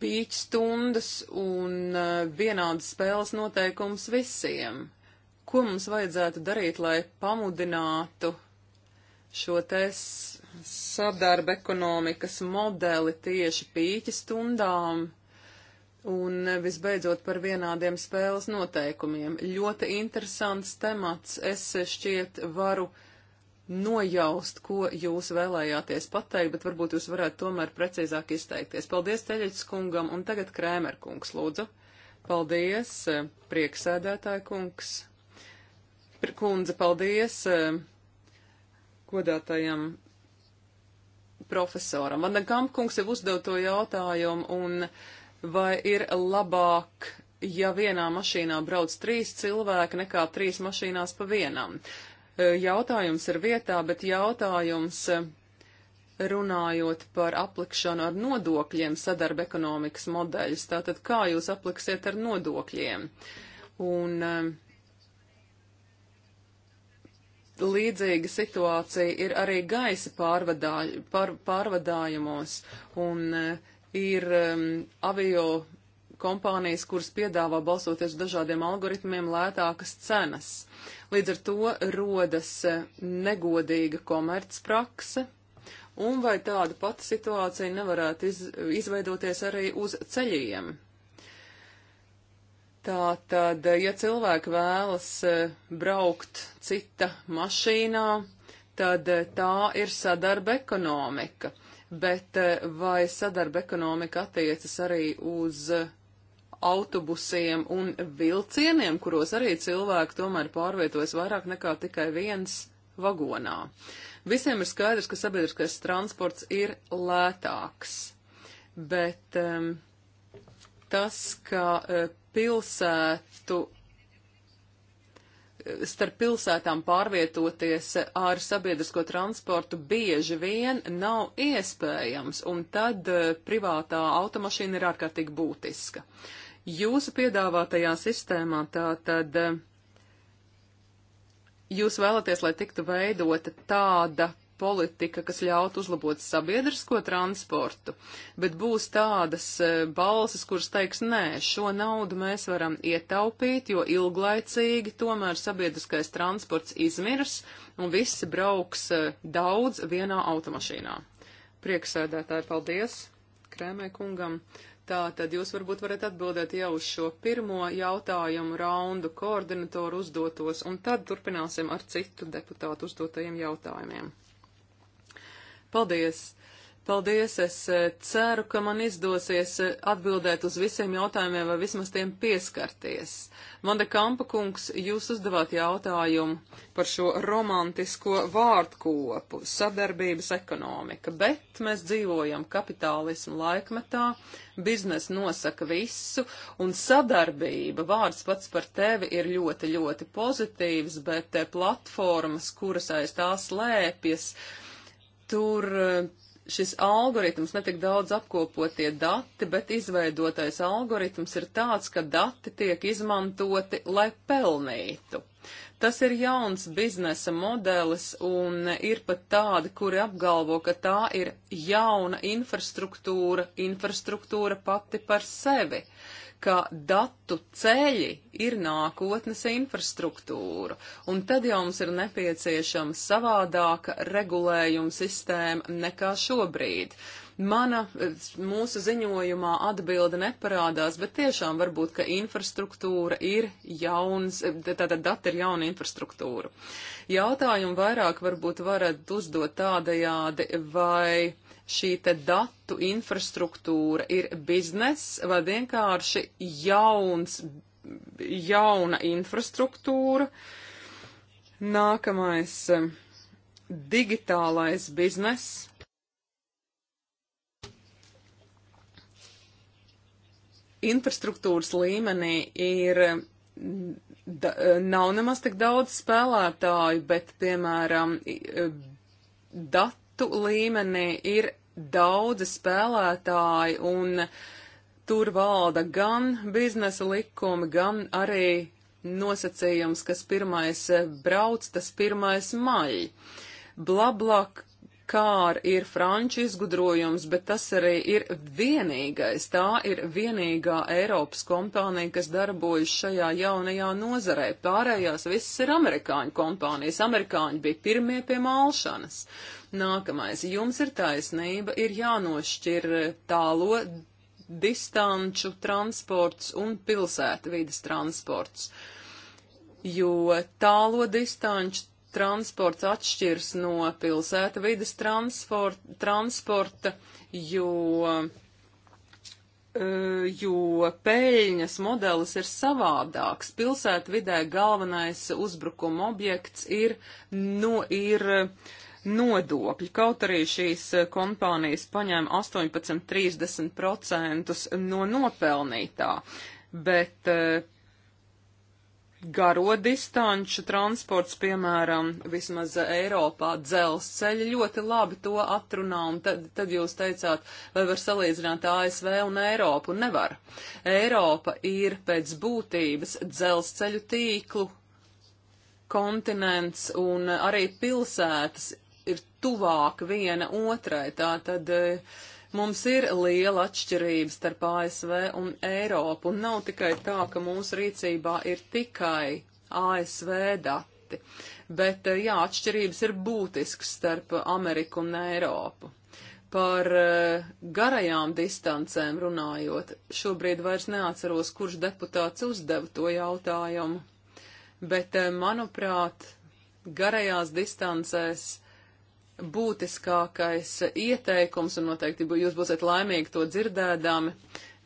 pīķstundas un eh, vienādas spēles noteikums visiem. Ko mums vajadzētu darīt, lai pamudinātu šo te sadarba ekonomikas modeli tieši pīķstundām? Un visbeidzot par vienādiem spēles noteikumiem. Ļoti interesants temats. Es šķiet varu uh, nojaust, ko jūs vēlējāties pateikt, bet varbūt jūs varētu tomēr precīzāk izteikties. Paldies Teļeķis kungam un tagad Krēmer kungs, lūdzu. Paldies, eh, prieksēdētāja kungs. Kundze, paldies eh, godātajam profesoram. Vandenkamp kungs jau uzdev to jautājumu, un vai ir labāk, ja vienā mašīnā brauc trīs cilvēki, nekā trīs mašīnās pa vienam? Eh, jautājums ir vietā, bet jautājums eh, runājot par aplikšanu ar nodokļiem sadarba ekonomikas modeļus. Tātad, kā jūs apliksiet ar nodokļiem? Un eh, līdzīga situācija ir arī gaisa pārvadā, pār, pārvadājumos. Un ir mm, avio kompānijas, kuras piedāvā balsoties dažādiem algoritmiem lētākas cenas. Uh, Līdz ar to rodas e, negodīga komercprakse, un vai tāda pati situācija nevarētu iz, izveidoties arī uz ceļiem. Tā tad, e, ja cilvēki vēlas e, braukt cita mašīnā, tad tā ir sadarba ekonomika. Bet vai sadarba ekonomika attiecas arī uz autobusiem un vilcieniem, kuros arī cilvēki tomēr pārvietojas vairāk nekā tikai viens vagonā. Visiem ir skaidrs, ka sabiedriskais transports ir lētāks, bet um, tas, ka uh, pilsētu e, starp pilsētām pārvietoties ar sabiedrisko transportu bieži vien nav iespējams, un tad e, privātā automašīna ir ārkārtīgi būtiska. Uh, Jūsu piedāvātajā sistēmā tātad jūs vēlaties, lai tiktu veidota tāda politika, kas ļaut uzlabot sabiedrisko transportu, bet būs tādas e, balsis, kuras teiks, nē, šo naudu mēs varam ietaupīt, jo ilglaicīgi tomēr sabiedriskais transports izmirs un visi brauks e, daudz vienā automašīnā. Prieksēdētāji, paldies Krēmē kungam. Tā tad jūs varbūt varat atbildēt jau uz šo pirmo jautājumu raundu koordinatoru uzdotos, un tad turpināsim ar citu deputātu uzdotajiem jautājumiem. Paldies! Paldies, es eh, ceru, ka man izdosies eh, atbildēt uz visiem jautājumiem vai vismaz tiem pieskarties. Vande Kampa kungs, jūs uzdevāt jautājumu par šo romantisko vārdkopu - sadarbības ekonomika, bet mēs dzīvojam kapitālismu laikmetā, biznes nosaka visu, un sadarbība, vārds pats par tevi ir ļoti, ļoti pozitīvs, bet eh, platformas, kuras aiz tā slēpjas, tur šis algoritms netik daudz apkopotie dati, bet izveidotais algoritms ir tāds, ka dati tiek izmantoti, lai pelnītu. Tas ir jauns biznesa modelis un ir pat tādi, kuri apgalvo, ka tā ir jauna infrastruktūra, infrastruktūra pati par sevi. Uh, ka datu ceļi ir nākotnes infrastruktūra, un tad jau mums ir nepieciešama savādāka regulējuma sistēma nekā šobrīd. Mana mūsu ziņojumā atbilde neparādās, bet tiešām varbūt, ka infrastruktūra ir jauns, tātad dati ir jauna infrastruktūra. Jautājumu vairāk varbūt varat uzdot tādajādi, vai šī te datu infrastruktūra ir bizness vai vienkārši jauns, jauna infrastruktūra. Nākamais eh, digitālais bizness. Infrastruktūras līmenī ir mm, da, eh, nav nemaz tik daudz spēlētāju, bet, piemēram, eh, dat, citu līmenī ir daudzi spēlētāji un tur valda gan biznesa likumi, gan arī nosacījums, kas pirmais brauc, tas pirmais maļ. Blablak kār ir franču izgudrojums, bet tas arī ir vienīgais. Tā ir vienīgā Eiropas kompānija, kas darbojas šajā jaunajā nozarē. Pārējās visas ir amerikāņu kompānijas. Amerikāņi bija pirmie pie malšanas. Uh, Nākamais. Jums ir taisnība, ir jānošķir tālo distanču transports un pilsētu vidas transports, jo tālo distanču transports atšķirs no pilsētu vidas transporta, jo, eh, jo peļņas modelis ir savādāks. Pilsētu vidē galvenais uzbrukuma objekts ir, no, nu, ir uh, nodokļi. Kaut arī šīs eh, kompānijas paņēma 18-30% no nopelnītā, bet eh, garo distanču transports, piemēram, vismaz Eiropā dzelzceļi ļoti labi to atrunā, un tad, tad jūs teicāt, vai var salīdzināt ASV un Eiropu, un nevar. Eiropa ir pēc būtības dzelzceļu tīklu kontinents, un arī pilsētas tuvāk viena otrai. Tātad e, mums ir liela atšķirība starp ASV un Eiropu, un nav tikai tā, ka mūsu rīcībā ir tikai ASV dati, bet e, jā, atšķirības ir būtisks starp Ameriku un Eiropu. Par e, garajām distancēm runājot, šobrīd vairs neatceros, kurš deputāts uzdeva to jautājumu, bet, manuprāt, garajās distancēs būtiskākais ieteikums, un noteikti jūs būsiet laimīgi to dzirdēdami,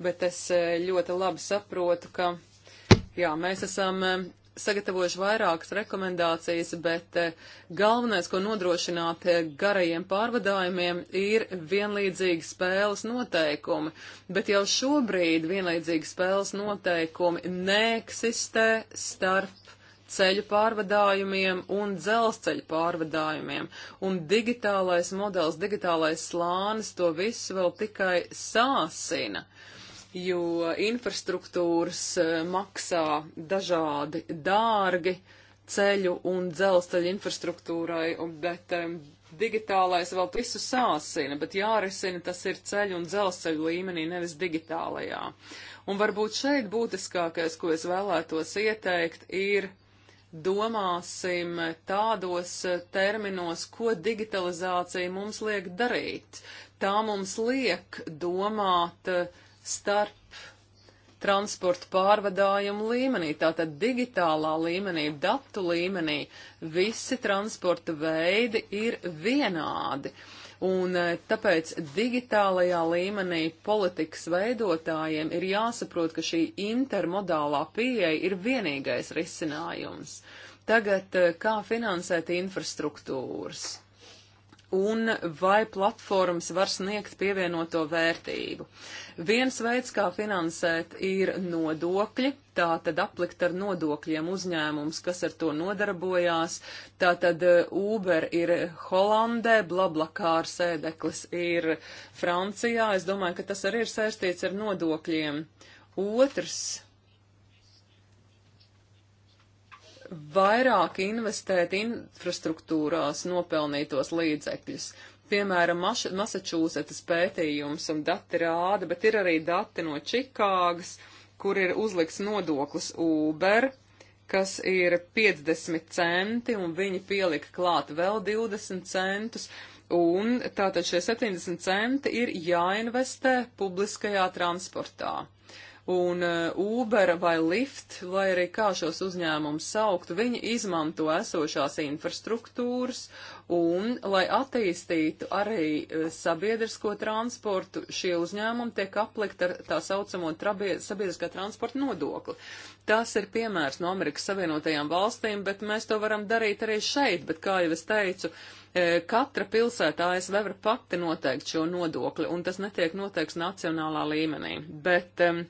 bet es e, ļoti labi saprotu, ka jā, mēs esam e, sagatavojuši vairākas rekomendācijas, bet e, galvenais, ko nodrošināt garajiem pārvadājumiem, ir vienlīdzīgi spēles noteikumi. Bet jau šobrīd vienlīdzīgi spēles noteikumi neeksistē starp ceļu pārvadājumiem un dzelzceļu pārvadājumiem. Un digitālais modelis, digitālais slānis to visu vēl tikai sāsina, jo infrastruktūras e, maksā dažādi dārgi ceļu un dzelzceļu infrastruktūrai, bet um, digitālais vēl visu sāsina, bet jārisina tas ir ceļu un dzelzceļu līmenī, nevis digitālajā. Un varbūt šeit būtiskākais, ko es vēlētos ieteikt, ir domāsim tādos terminos, ko digitalizācija mums liek darīt. Tā mums liek domāt starp transporta pārvadājumu līmenī, tātad digitālā līmenī, datu līmenī, visi transporta veidi ir vienādi. Uh, Un eh, tāpēc digitālajā līmenī politikas veidotājiem ir jāsaprot, ka šī intermodālā pieeja ir vienīgais risinājums. Tagad eh, kā finansēt infrastruktūras? un vai platformas var sniegt pievienoto vērtību. Viens veids, kā finansēt, ir nodokļi, tātad aplikt ar nodokļiem uzņēmums, kas ar to nodarbojās. Tātad uh, Uber ir Holandē, Blablakār sēdeklis ir Francijā. Es domāju, ka tas arī ir saistīts ar nodokļiem. Otrs vairāk investēt infrastruktūrās nopelnītos līdzekļus. Piemēram, Massachusetts pētījums un dati rāda, bet ir arī dati no Čikāgas, kur ir uzliks nodoklis Uber, kas ir 50 centi, un viņi pielika klāt vēl 20 centus. Un tātad šie 70 centi ir jāinvestē publiskajā transportā. Uh, Un uh, Uber vai Lyft, lai arī kā šos uzņēmumus saukt, viņi izmanto esošās infrastruktūras un, lai attīstītu arī uh, sabiedrisko transportu, šie uzņēmumi tiek aplikt ar tā saucamo trabie, sabiedriskā transporta nodokli. Tas ir piemērs no Amerikas Savienotajām valstīm, bet mēs to varam darīt arī šeit, bet kā jau es teicu, e, katra pilsēta ASV var pati noteikt šo nodokli, un tas netiek noteikts nacionālā līmenī. Bet um,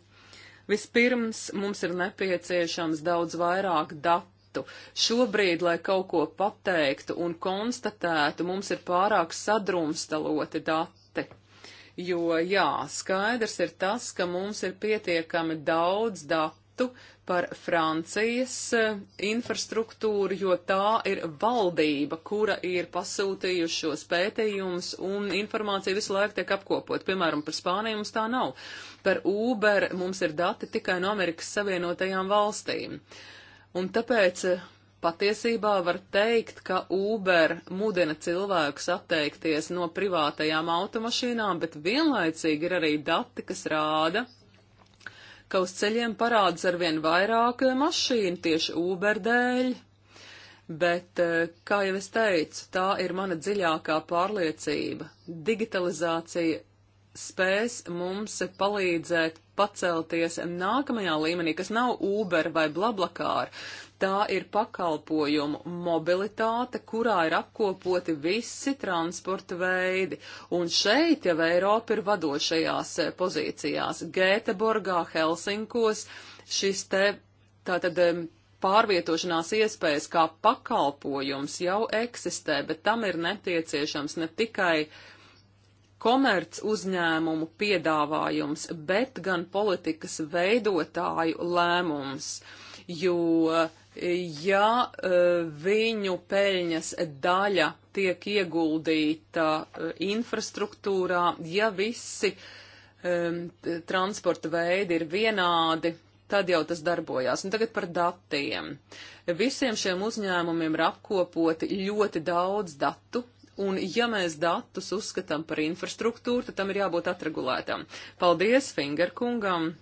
Vispirms mums ir nepieciešams daudz vairāk datu. Šobrīd, lai kaut ko pateiktu un konstatētu, mums ir pārāk sadrumstaloti dati. Jo, jā, skaidrs ir tas, ka mums ir pietiekami daudz datu, par Francijas e, infrastruktūru, jo tā ir valdība, kura ir pasūtījuši šos pētījumus un informācija visu laiku tiek apkopot. Piemēram, par Spāniju mums tā nav. Par Uber mums ir dati tikai no Amerikas Savienotajām valstīm. Un tāpēc e, patiesībā var teikt, ka Uber mudina cilvēkus atteikties no privātajām automašīnām, bet vienlaicīgi ir arī dati, kas rāda, ka uz ceļiem parādas arvien vairāk eh, mašīnu tieši Uber dēļ. Bet, eh, kā jau es teicu, tā ir mana dziļākā pārliecība. Digitalizācija spēs mums palīdzēt pacelties nākamajā līmenī, kas nav Uber vai Blablakār, tā ir pakalpojumu mobilitāte, kurā ir apkopoti visi transporta veidi. Un šeit jau Eiropa ir vadošajās eh, pozīcijās - Gēteborgā, Helsinkos, šis te tātad pārvietošanās iespējas kā pakalpojums jau eksistē, bet tam ir nepieciešams ne tikai komerc uzņēmumu piedāvājums, bet gan politikas veidotāju lēmums, jo uh, ja e, viņu peļņas daļa tiek ieguldīta e, infrastruktūrā, ja visi um, transporta veidi ir vienādi, tad jau tas darbojās. Un tagad par datiem. Visiem šiem uzņēmumiem ir apkopoti ļoti daudz datu. Un ja mēs datus uzskatām par infrastruktūru, tad tam ir jābūt atregulētam. Paldies Fingerkungam!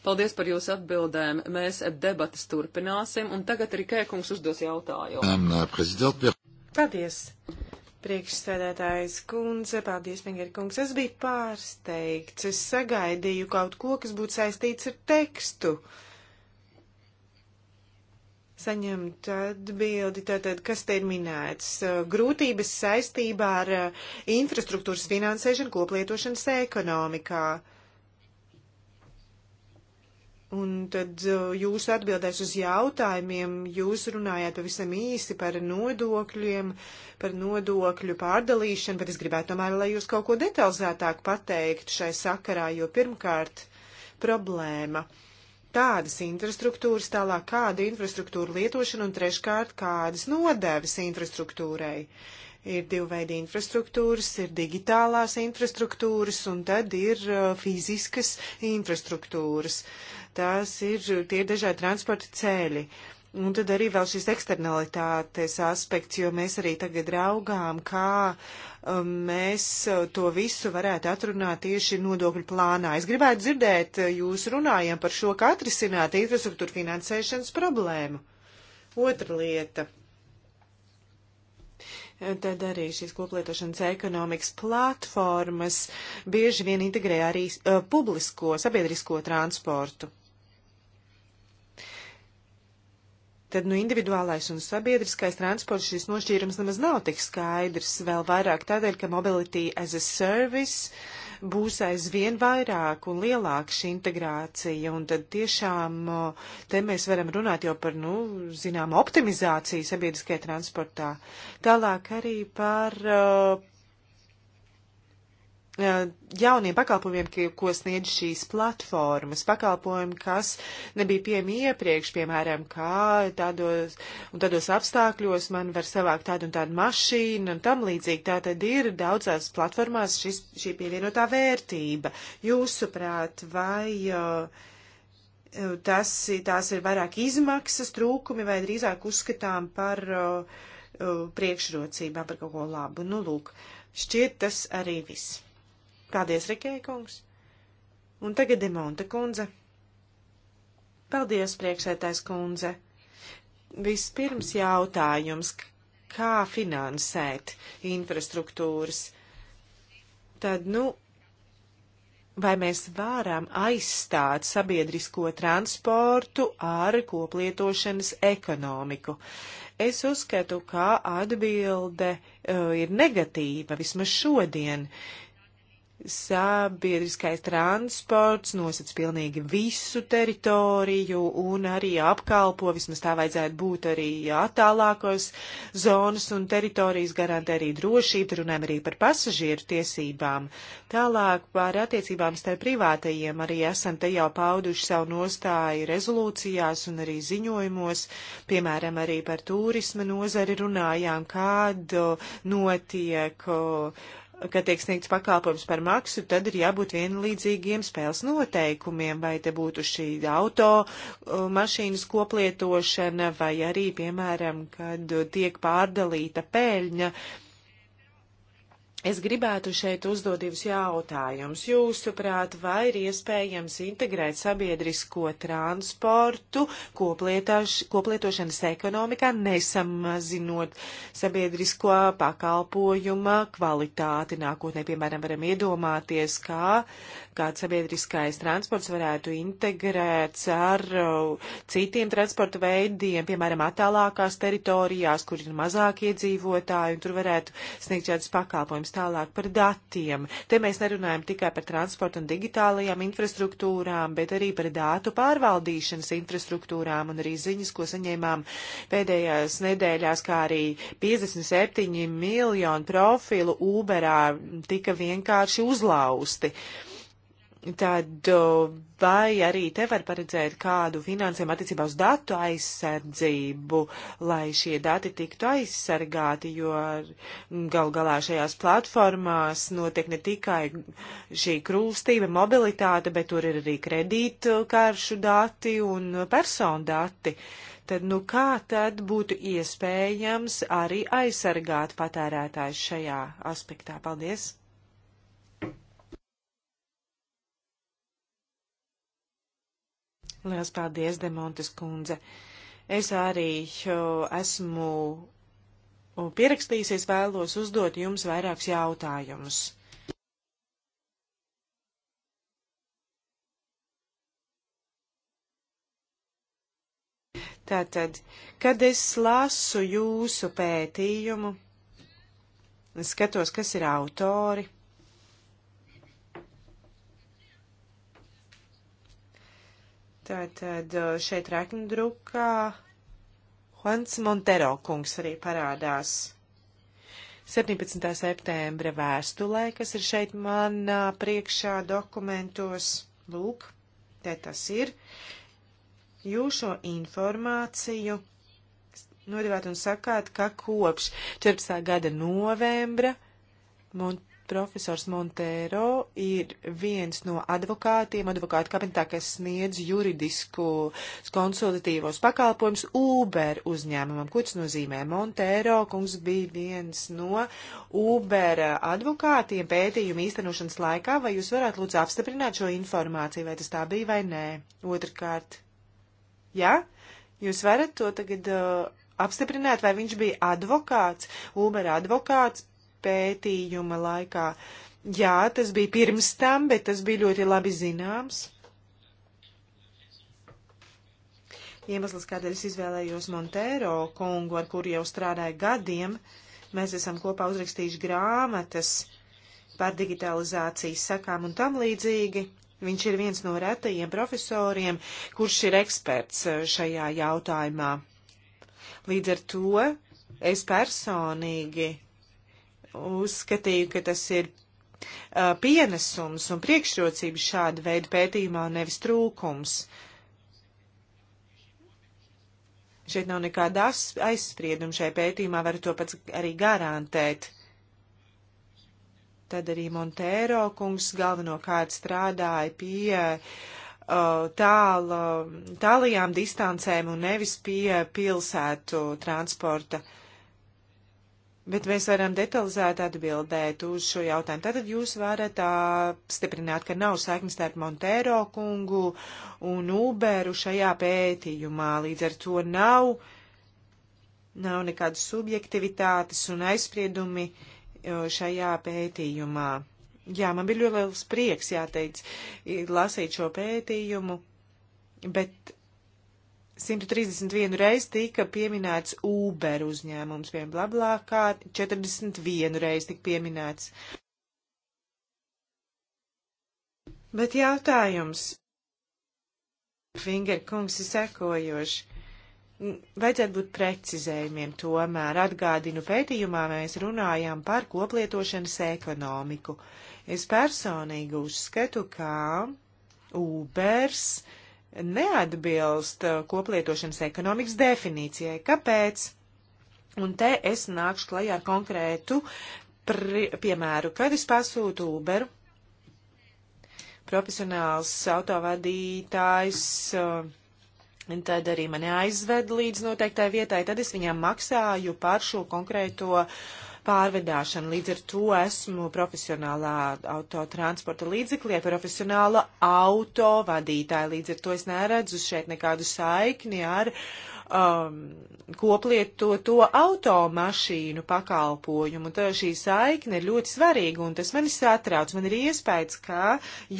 Paldies par jūsu atbildēm. Mēs debatas turpināsim, un tagad arī Kēkungs uzdos jautājumu. Paldies, priekšsēdētājs kundze, paldies, Mengerkungs. Es biju pārsteigts, es sagaidīju kaut ko, kas būtu saistīts ar tekstu saņemt atbildi, tātad, kas te ir minēts. Grūtības saistībā ar eh, infrastruktūras finansēšanu koplietošanas ekonomikā. Uh, Un tad uh, jūsu atbildēs uz jautājumiem, jūs runājāt pavisam īsi par nodokļiem, par nodokļu pārdalīšanu, bet es gribētu tomēr, lai jūs kaut ko detalizētāk pateiktu šai sakarā, jo pirmkārt problēma tādas infrastruktūras, tālāk kāda infrastruktūra lietošana un treškārt kādas nodevas infrastruktūrai. Ir divi veidi infrastruktūras, ir digitālās infrastruktūras un tad ir uh, fiziskas infrastruktūras. Uh, tās ir tie dažādi transporta ceļi. Un tad arī vēl šis eksternalitātes aspekts, jo mēs arī tagad raugām, kā um, mēs uh, to visu varētu atrunāt tieši nodokļu plānā. Es gribētu dzirdēt, uh, jūs runājam par šo, kā atrisināt infrastruktūra finansēšanas problēmu. Otra lieta. Uh, tad arī šīs koplietošanas ekonomikas platformas bieži vien integrē arī uh, publisko, sabiedrisko transportu. tad nu individuālais un sabiedriskais transports šis nošķīrums nemaz nav tik skaidrs, vēl vairāk tādēļ, ka mobility as a service būs aizvien vairāk un lielāka šī integrācija, un tad tiešām te mēs varam runāt jau par, nu, zinām, optimizāciju sabiedriskajā transportā. Tālāk arī par uh, Eh, jauniem pakalpojumiem, ko sniedz šīs platformas, pakalpojumi, kas nebija pieejami iepriekš, piemēram, kā tādos, un tādos apstākļos man var savākt tādu un tādu mašīnu un tam līdzīgi. Tā tad ir daudzās platformās šis, šī pievienotā vērtība. Jūsuprāt, vai eh, tas, tās ir vairāk izmaksas, trūkumi vai drīzāk uzskatām par eh, priekšrocībām, par kaut ko labu? Nu, lūk, šķiet tas arī viss. Paldies, Rikēja kungs! Un tagad Demonta kundze. Paldies, priekšētais kundze! Vispirms jautājums, kā finansēt infrastruktūras? Tad, nu, vai mēs varam aizstāt sabiedrisko transportu ar koplietošanas ekonomiku. Es uzskatu, ka atbilde uh, ir negatīva vismaz šodien, Sabiedriskais transports nosacīs pilnīgi visu teritoriju un arī apkalpo, vismaz tā vajadzētu būt arī attālākos zonas un teritorijas, garantē arī drošību, runājam arī par pasažieru tiesībām. Tālāk par attiecībām starp privātajiem arī esam te jau pauduši savu nostāju rezolūcijās un arī ziņojumos, piemēram, arī par turisma nozari runājām, kādu notiek. Uh, kad tiek sniegts pakalpojums par maksu, tad ir jābūt vienlīdzīgiem spēles noteikumiem, vai te būtu šī auto uh, mašīnas koplietošana, vai arī, piemēram, kad tiek pārdalīta peļņa. Uh, Es gribētu šeit uzdot divus jautājumus. Jūsuprāt, vai ir iespējams integrēt sabiedrisko transportu koplietošanas ekonomikā, nesamazinot sabiedrisko pakalpojuma kvalitāti? Nākotnē, piemēram, varam iedomāties, kā kāds sabiedriskais transports varētu integrēts ar uh, citiem transporta veidiem, piemēram, attālākās teritorijās, kur ir mazāk iedzīvotāji, un tur varētu sniegt šādas pakalpojumus jautājums tālāk par datiem. Te mēs nerunājam tikai par transportu un digitālajām infrastruktūrām, bet arī par dātu pārvaldīšanas infrastruktūrām un arī ziņas, ko saņēmām pēdējās nedēļās, kā arī 57 miljonu profilu Uberā tika vienkārši uzlausti. Uh, Tad uh, vai arī te var paredzēt kādu finansējumu attiecībā uz datu aizsardzību, lai šie dati tiktu aizsargāti, jo gal galā šajās platformās notiek ne tikai šī krūstība, mobilitāte, bet tur ir arī kredītkaršu dati un personu dati. Tad, nu kā tad būtu iespējams arī aizsargāt patērētājs šajā aspektā? Paldies! Liels paldies, Demontes kundze. Es arī esmu pierakstījusies, vēlos uzdot jums vairākus jautājumus. Tātad, kad es lasu jūsu pētījumu, skatos, kas ir autori. Tātad eh, šeit rēkņu drukā Juans Montero kungs arī parādās. 17. septembra vēstulē, kas ir šeit manā priekšā dokumentos, lūk, te tas ir, jūs šo informāciju nodevāt un sakāt, ka kopš 14. gada novembra Mont Profesors Montero ir viens no advokātiem, advokāta kabinetā, kas sniedz juridisku konsultatīvos pakalpojumus Uber uzņēmumam. Ko tas nozīmē? Montero kungs bija viens no Uber advokātiem pētījuma īstenošanas laikā. Vai jūs varētu lūdzu apstiprināt šo informāciju, vai tas tā bija vai nē? Otrkārt. Jā? Ja? Jūs varat to tagad uh, apstiprināt, vai viņš bija advokāts, Uber advokāts pētījuma laikā. Jā, tas bija pirms tam, bet tas bija ļoti labi zināms. Iemesls, kādēļ es izvēlējos Montēro kungu, ar kuru jau strādāju gadiem, mēs esam kopā uzrakstījuši grāmatas par digitalizācijas sakām un tam līdzīgi. Viņš ir viens no retajiem profesoriem, kurš ir eksperts eh, šajā jautājumā. Līdz ar to es personīgi uzskatīju, ka tas ir uh, pienesums un priekšrocības šāda veida pētījumā, nevis trūkums. Šeit nav nekāda aizsprieduma šajā pētījumā, var to pats arī garantēt. Tad arī Montēro kungs galvenokārt strādāja pie uh, tāl, tālajām distancēm un nevis pie pilsētu transporta uh, Bet mēs varam detalizēt atbildēt uz šo jautājumu. Tātad jūs varat apstiprināt, ka nav saiknes starp Montero kungu un Uberu šajā pētījumā. Līdz ar to nav, nav nekādas subjektivitātes un aizspriedumi šajā pētījumā. Jā, man bija ļoti liels prieks, jāteic, lasīt šo pētījumu, bet 131 reizi tika pieminēts Uber uzņēmums, vien blablā, kā 41 reizi tika pieminēts. Bet jautājums, Finger kungs, ir sekojoši. Vajadzētu būt precizējumiem tomēr. Atgādinu pētījumā mēs runājām par koplietošanas ekonomiku. Es personīgi uzskatu, ka Ubers uh, neatbilst uh, koplietošanas ekonomikas definīcijai. Kāpēc? Un te es nākšu klajā ar konkrētu piemēru, kad es pasūtu Uberu. Profesionāls autovadītājs, uh, un tad arī mani aizved līdz noteiktai vietai, tad es viņam maksāju par šo konkrēto uh, pārvedāšanu. Līdz ar to esmu profesionālā autotransporta līdzeklī, profesionāla autovadītāja. Līdz ar to es neredzu šeit nekādu saikni ar uh, um, koplieto to automašīnu pakalpojumu. Tā šī saikne ir ļoti svarīga, un tas mani satrauc. Man ir iespējas, ka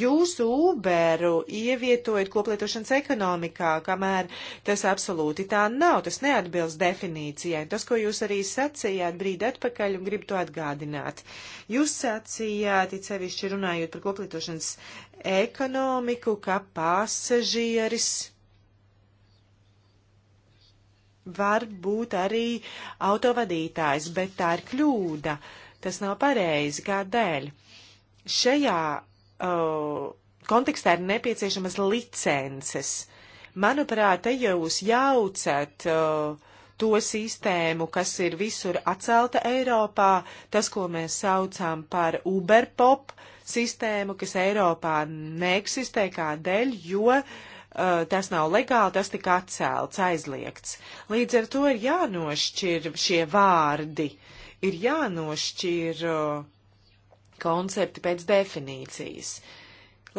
jūs Uberu ievietojat koplietošanas ekonomikā, kamēr tas absolūti tā nav. Tas neatbilst definīcijai. Tas, ko jūs arī sacījāt brīdi atpakaļ, un gribu to atgādināt. Jūs sacījāt, it sevišķi runājot par koplietošanas ekonomiku, ka pasažieris var būt arī autovadītājs, bet tā ir kļūda. Tas nav pareizi. Kādēļ? Šajā uh, kontekstā ir nepieciešamas licences. Manuprāt, te jūs jaucat uh, to sistēmu, kas ir visur atcelta Eiropā, tas, ko mēs saucām par Uberpop sistēmu, kas Eiropā neeksistē kādēļ, jo uh, Eh, tas nav legāli, tas tika atcēlts, aizliegts. Līdz ar to ir jānošķir šie vārdi, ir jānošķir eh, koncepti pēc definīcijas.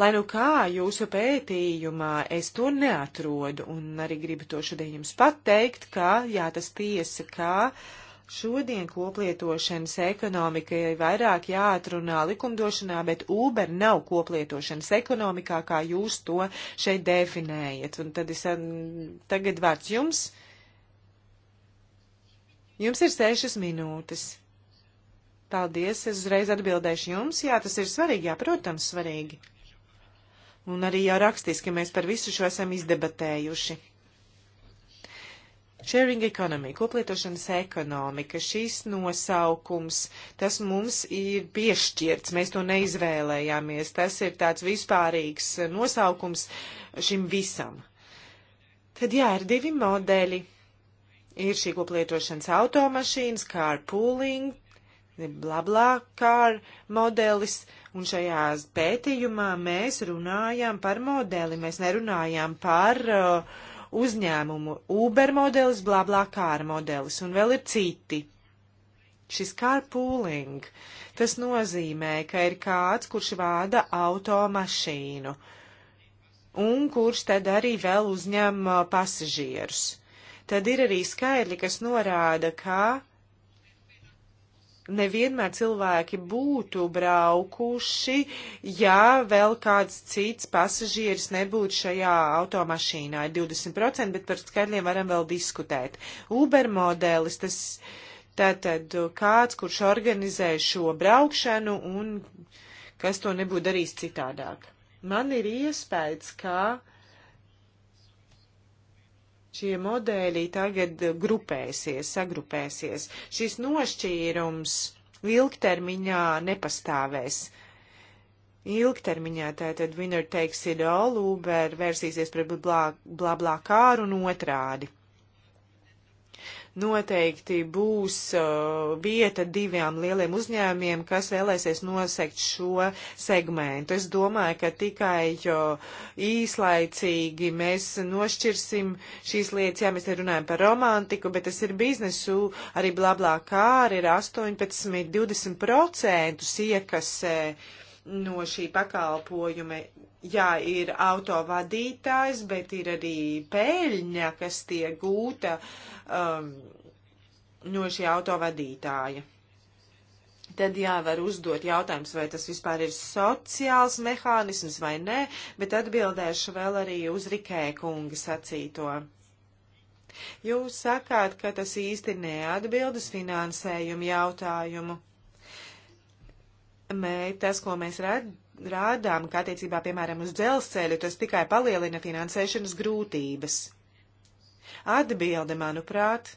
Lai nu kā jūsu pētījumā es to neatrodu, un arī gribu to šodien jums pateikt, ka, jā, tas tiesa, kā uh, Šodien koplietošanas ekonomika ir vairāk jāatrunā likumdošanā, bet Uber nav koplietošanas ekonomikā, kā jūs to šeit definējat. Un tad es um, tagad vārds jums. Jums ir sešas minūtes. Paldies, es uzreiz atbildēšu jums. Jā, tas ir svarīgi, jā, protams, svarīgi. Un arī jau rakstiski mēs par visu šo esam izdebatējuši. Sharing economy, koplietošanas ekonomika, šis nosaukums, tas mums ir piešķirts, mēs to neizvēlējāmies, tas ir tāds vispārīgs nosaukums šim visam. Tad jā, ir divi modeļi. Ir šī koplietošanas automašīnas, carpooling, blablā kārta modelis, un šajā pētījumā mēs runājām par modeli, mēs nerunājām par uh, uzņēmumu Uber modelis, bla bla kāra modelis, un vēl ir citi. Šis carpooling, tas nozīmē, ka ir kāds, kurš vāda automašīnu, un kurš tad arī vēl uzņem uh, pasažierus. Tad ir arī skaidri, kas norāda, ka nevienmēr cilvēki būtu braukuši, ja vēl kāds cits pasažieris nebūtu šajā automašīnā. Ir 20%, bet par skaidriem varam vēl diskutēt. Uber modelis, tas tātad kāds, kurš organizē šo braukšanu un kas to nebūtu darījis citādāk. Man ir iespējas, ka šie modeļi tagad grupēsies, sagrupēsies. Šis nošķīrums ilgtermiņā nepastāvēs. Ilgtermiņā tātad winner takes it all, Uber vērsīsies pret blā, blā, blā kāru un otrādi noteikti būs uh, vieta diviem lieliem uzņēmiem, kas vēlēsies nosegt šo segmentu. Es domāju, ka tikai uh, īslaicīgi mēs nošķirsim šīs lietas, jā, mēs te runājam par romantiku, bet tas ir biznesu, arī blablā kā ir 18, 20% iekasē. Uh, no šī pakalpojuma, jā, ir autovadītājs, bet ir arī pēļņa, kas tiek gūta um, no šī autovadītāja. Tad jā, var uzdot jautājums, vai tas vispār ir sociāls mehānisms vai nē, bet atbildēšu vēl arī uz Rikē kunga sacīto. Jūs sakāt, ka tas īsti neatbildas finansējumu jautājumu mē, tas, ko mēs rādām, kā attiecībā, piemēram, uz dzelzceļu, tas tikai palielina finansēšanas grūtības. Atbilde, manuprāt,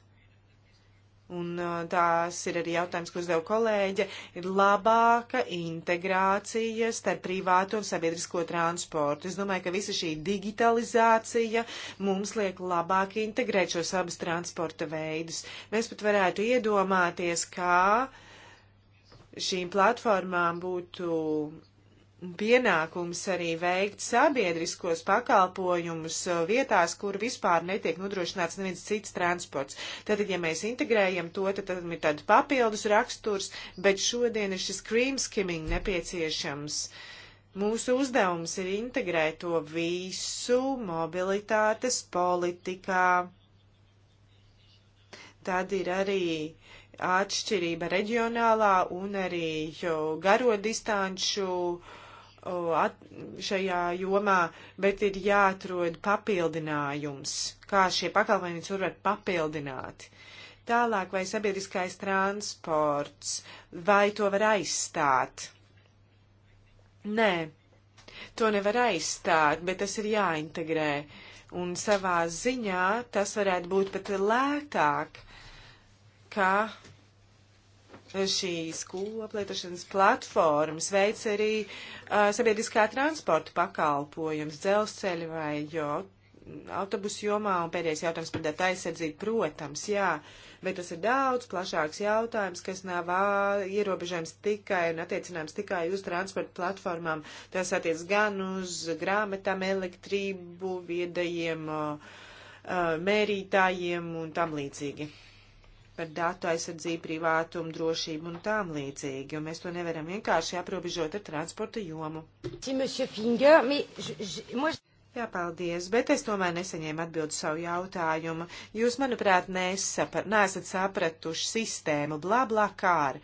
un tās ir arī jautājums, ko uzdev kolēģe, ir labāka integrācija starp privātu un sabiedrisko transportu. Es domāju, ka visa šī digitalizācija mums liek labāk integrēt šos abus transporta veidus. Mēs pat varētu iedomāties, kā. Ka šīm platformām būtu pienākums arī veikt sabiedriskos pakalpojumus uh, vietās, kur vispār netiek nodrošināts neviens cits transports. Tātad, ja mēs integrējam to, tad, tad ir tāds papildus raksturs, bet šodien ir šis cream skimming nepieciešams. Mūsu uzdevums ir integrēt to visu mobilitātes politikā. Tad ir arī atšķirība reģionālā un arī garo distanču at, šajā jomā, bet ir jāatrod papildinājums, kā šie pakalpojumi tur var papildināt. Tālāk vai sabiedriskais transports, vai to var aizstāt? Nē, to nevar aizstāt, bet tas ir jāintegrē. Un savā ziņā tas varētu būt pat lētāk, uh, ka šīs skolu aplietošanas platformas veic arī uh, sabiedriskā transporta pakalpojums dzelzceļa vai jo, autobusu jomā. Un pēdējais jautājums par datu aizsardzību, protams, jā, bet tas ir daudz plašāks jautājums, kas nav uh, ierobežojums tikai un attiecināms tikai uz transporta platformām. Tas attiec gan uz grāmatām, elektrību, viedajiem uh, mērītājiem un tam līdzīgi par datu aizsardzību, privātumu, drošību un tām līdzīgi, jo mēs to nevaram vienkārši aprobežot ar transporta jomu. Jā, paldies, bet es tomēr nesaņēmu atbildu savu jautājumu. Jūs, manuprāt, nesapar, nesat sapratuši sistēmu, bla, bla, kār.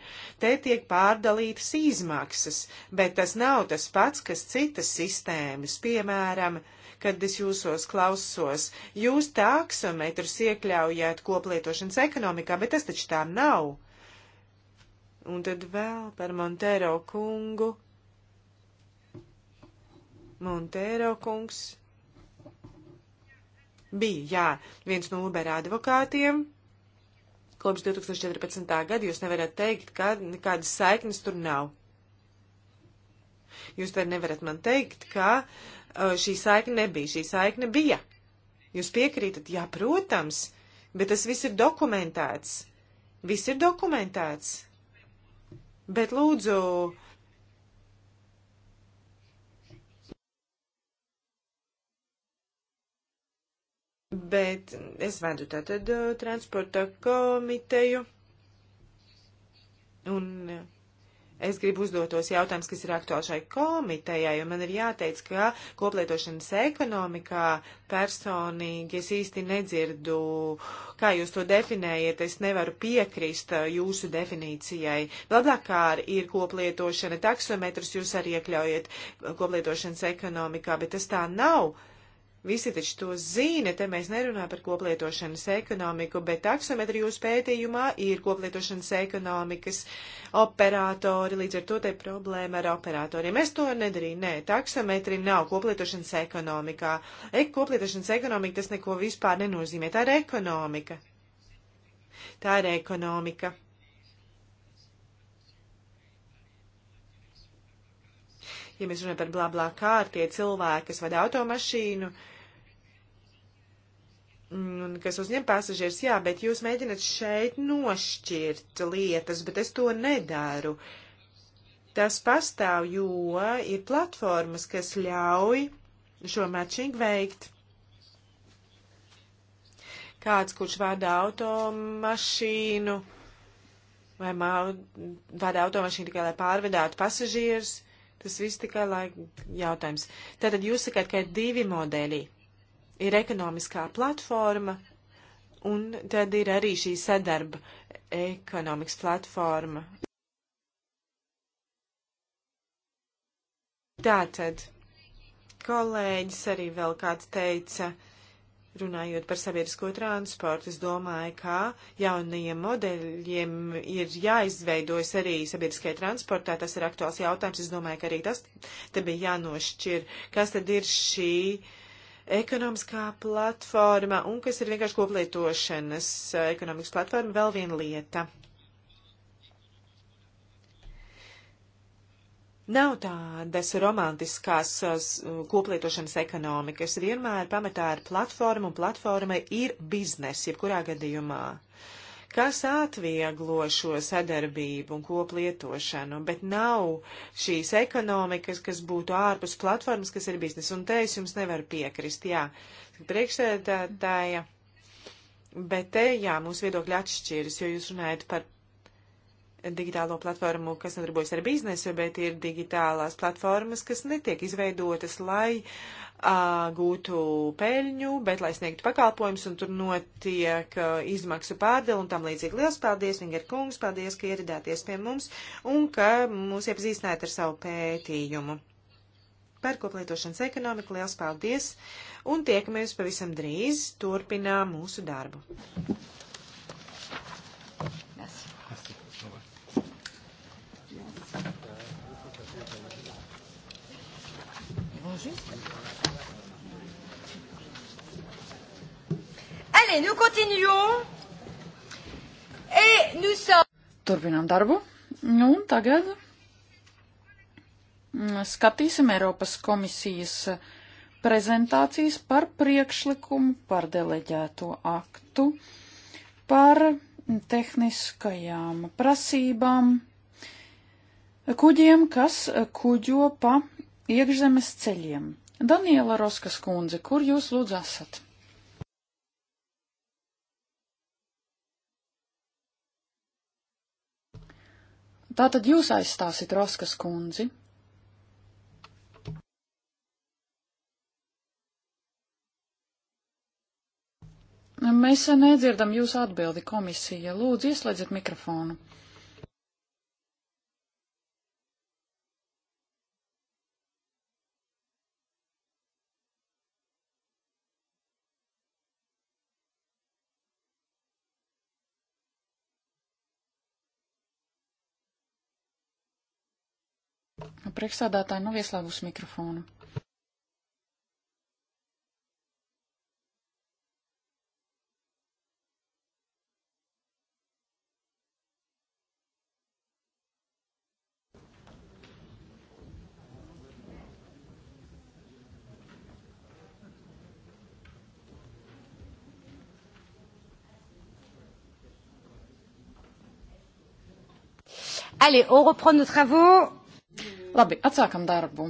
Te tiek pārdalītas izmaksas, bet tas nav tas pats, kas citas sistēmas, piemēram, uh, kad es jūsos klausos. Jūs taksometrus iekļaujāt koplietošanas ekonomikā, bet tas taču tā nav. Un tad vēl par Montero kungu. Montero kungs bija, jā, viens no Uber advokātiem. Kopš 2014. gada jūs nevarat teikt, ka nekādas saiknes tur nav. Jūs te nevarat man teikt, ka Eh, šī saikne nebija. Šī saikne bija. Jūs piekrītat? Jā, protams, bet tas viss ir dokumentēts. Viss ir dokumentēts. Bet lūdzu. Bet es vedu tātad eh, transporta komiteju. Un eh, Es gribu uzdot tos jautājumus, kas ir aktuāli šai komitejai, jo man ir jāteic, ka koplietošanas ekonomikā personīgi es īsti nedzirdu, kā jūs to definējat, es nevaru piekrist uh, jūsu definīcijai. Blablākār ir koplietošana taksometrus, jūs arī iekļaujat uh, koplietošanas ekonomikā, bet tas tā nav Visi taču to zina, te mēs nerunājam par koplietošanas ekonomiku, bet taksometri jūsu pētījumā ir koplietošanas ekonomikas operatori, līdz ar to te problēma ar operatoriem. Es to nedarīju, nē, taksometri nav koplietošanas ekonomikā. Ek, koplietošanas ekonomika tas neko vispār nenozīmē, tā ir ekonomika. Tā ir ekonomika. Ja mēs runājam par blablā kārtie cilvēki, kas vada automašīnu, uh, un kas uzņem pasažierus, jā, bet jūs mēģināt šeit nošķirt lietas, bet es to nedaru. Tas pastāv, jo ir platformas, kas ļauj šo matching veikt. Kāds, kurš vada automašīnu, vai vada automašīnu tikai, lai pārvedātu pasažierus, tas viss tikai, lai jautājums. Tātad jūs sakāt, ka ir divi modeļi ir ekonomiskā platforma, un tad ir arī šī sadarba ekonomikas platforma. Tātad, kolēģis arī vēl kāds teica, runājot par sabiedrisko transportu, es domāju, ka jaunajiem modeļiem ir jāizveidojas arī sabiedriskajā transportā. Tas ir aktuāls jautājums. Es domāju, ka arī tas te bija jānošķir, kas tad ir šī uh, ekonomiskā platforma un kas ir vienkārši koplietošanas eh, ekonomikas platforma, vēl viena lieta. Nav tādas romantiskās eh, koplietošanas ekonomikas. Vienmēr pamatā ir platforma, un platforma ir biznesa, jebkurā gadījumā kas atvieglo šo sadarbību un koplietošanu, bet nav šīs ekonomikas, kas būtu ārpus platformas, kas ir biznes. Un te es jums nevaru piekrist, jā, priekšsēdētāja. Bet te, jā, mūsu viedokļi atšķiras, jo jūs runājat par digitālo platformu, kas nodarbojas ar biznesu, bet ir digitālās platformas, kas netiek izveidotas, lai a, gūtu peļņu, bet lai sniegtu pakalpojumus, un tur notiek a, izmaksu pārdala un tam līdzīgi. Liels paldies, Vingar kungs, paldies, ka ieradāties pie mums un ka mūs iepazīstinājāt ar savu pētījumu. Pērkoplietošanas ekonomika, liels paldies, un tiekamies pavisam drīz, turpinām mūsu darbu. juste. Allez, nous continuons. Et nous sommes. Turpinām darbu. Nu, un tagad skatīsim Eiropas komisijas prezentācijas par priekšlikumu, par deleģēto aktu, par tehniskajām prasībām kuģiem, kas kuģo pa iekšzemes ceļiem. Daniela Roskas kundze, kur jūs lūdzu esat? Tātad jūs aizstāsit Roskas kundzi. Mēs nedzirdam jūsu atbildi, komisija. Lūdzu, ieslēdziet mikrofonu. Priekšsādātāji nav nu ieslēgus mikrofonu. Allez, on reprend nos travaux. Labi, atsākam darbu.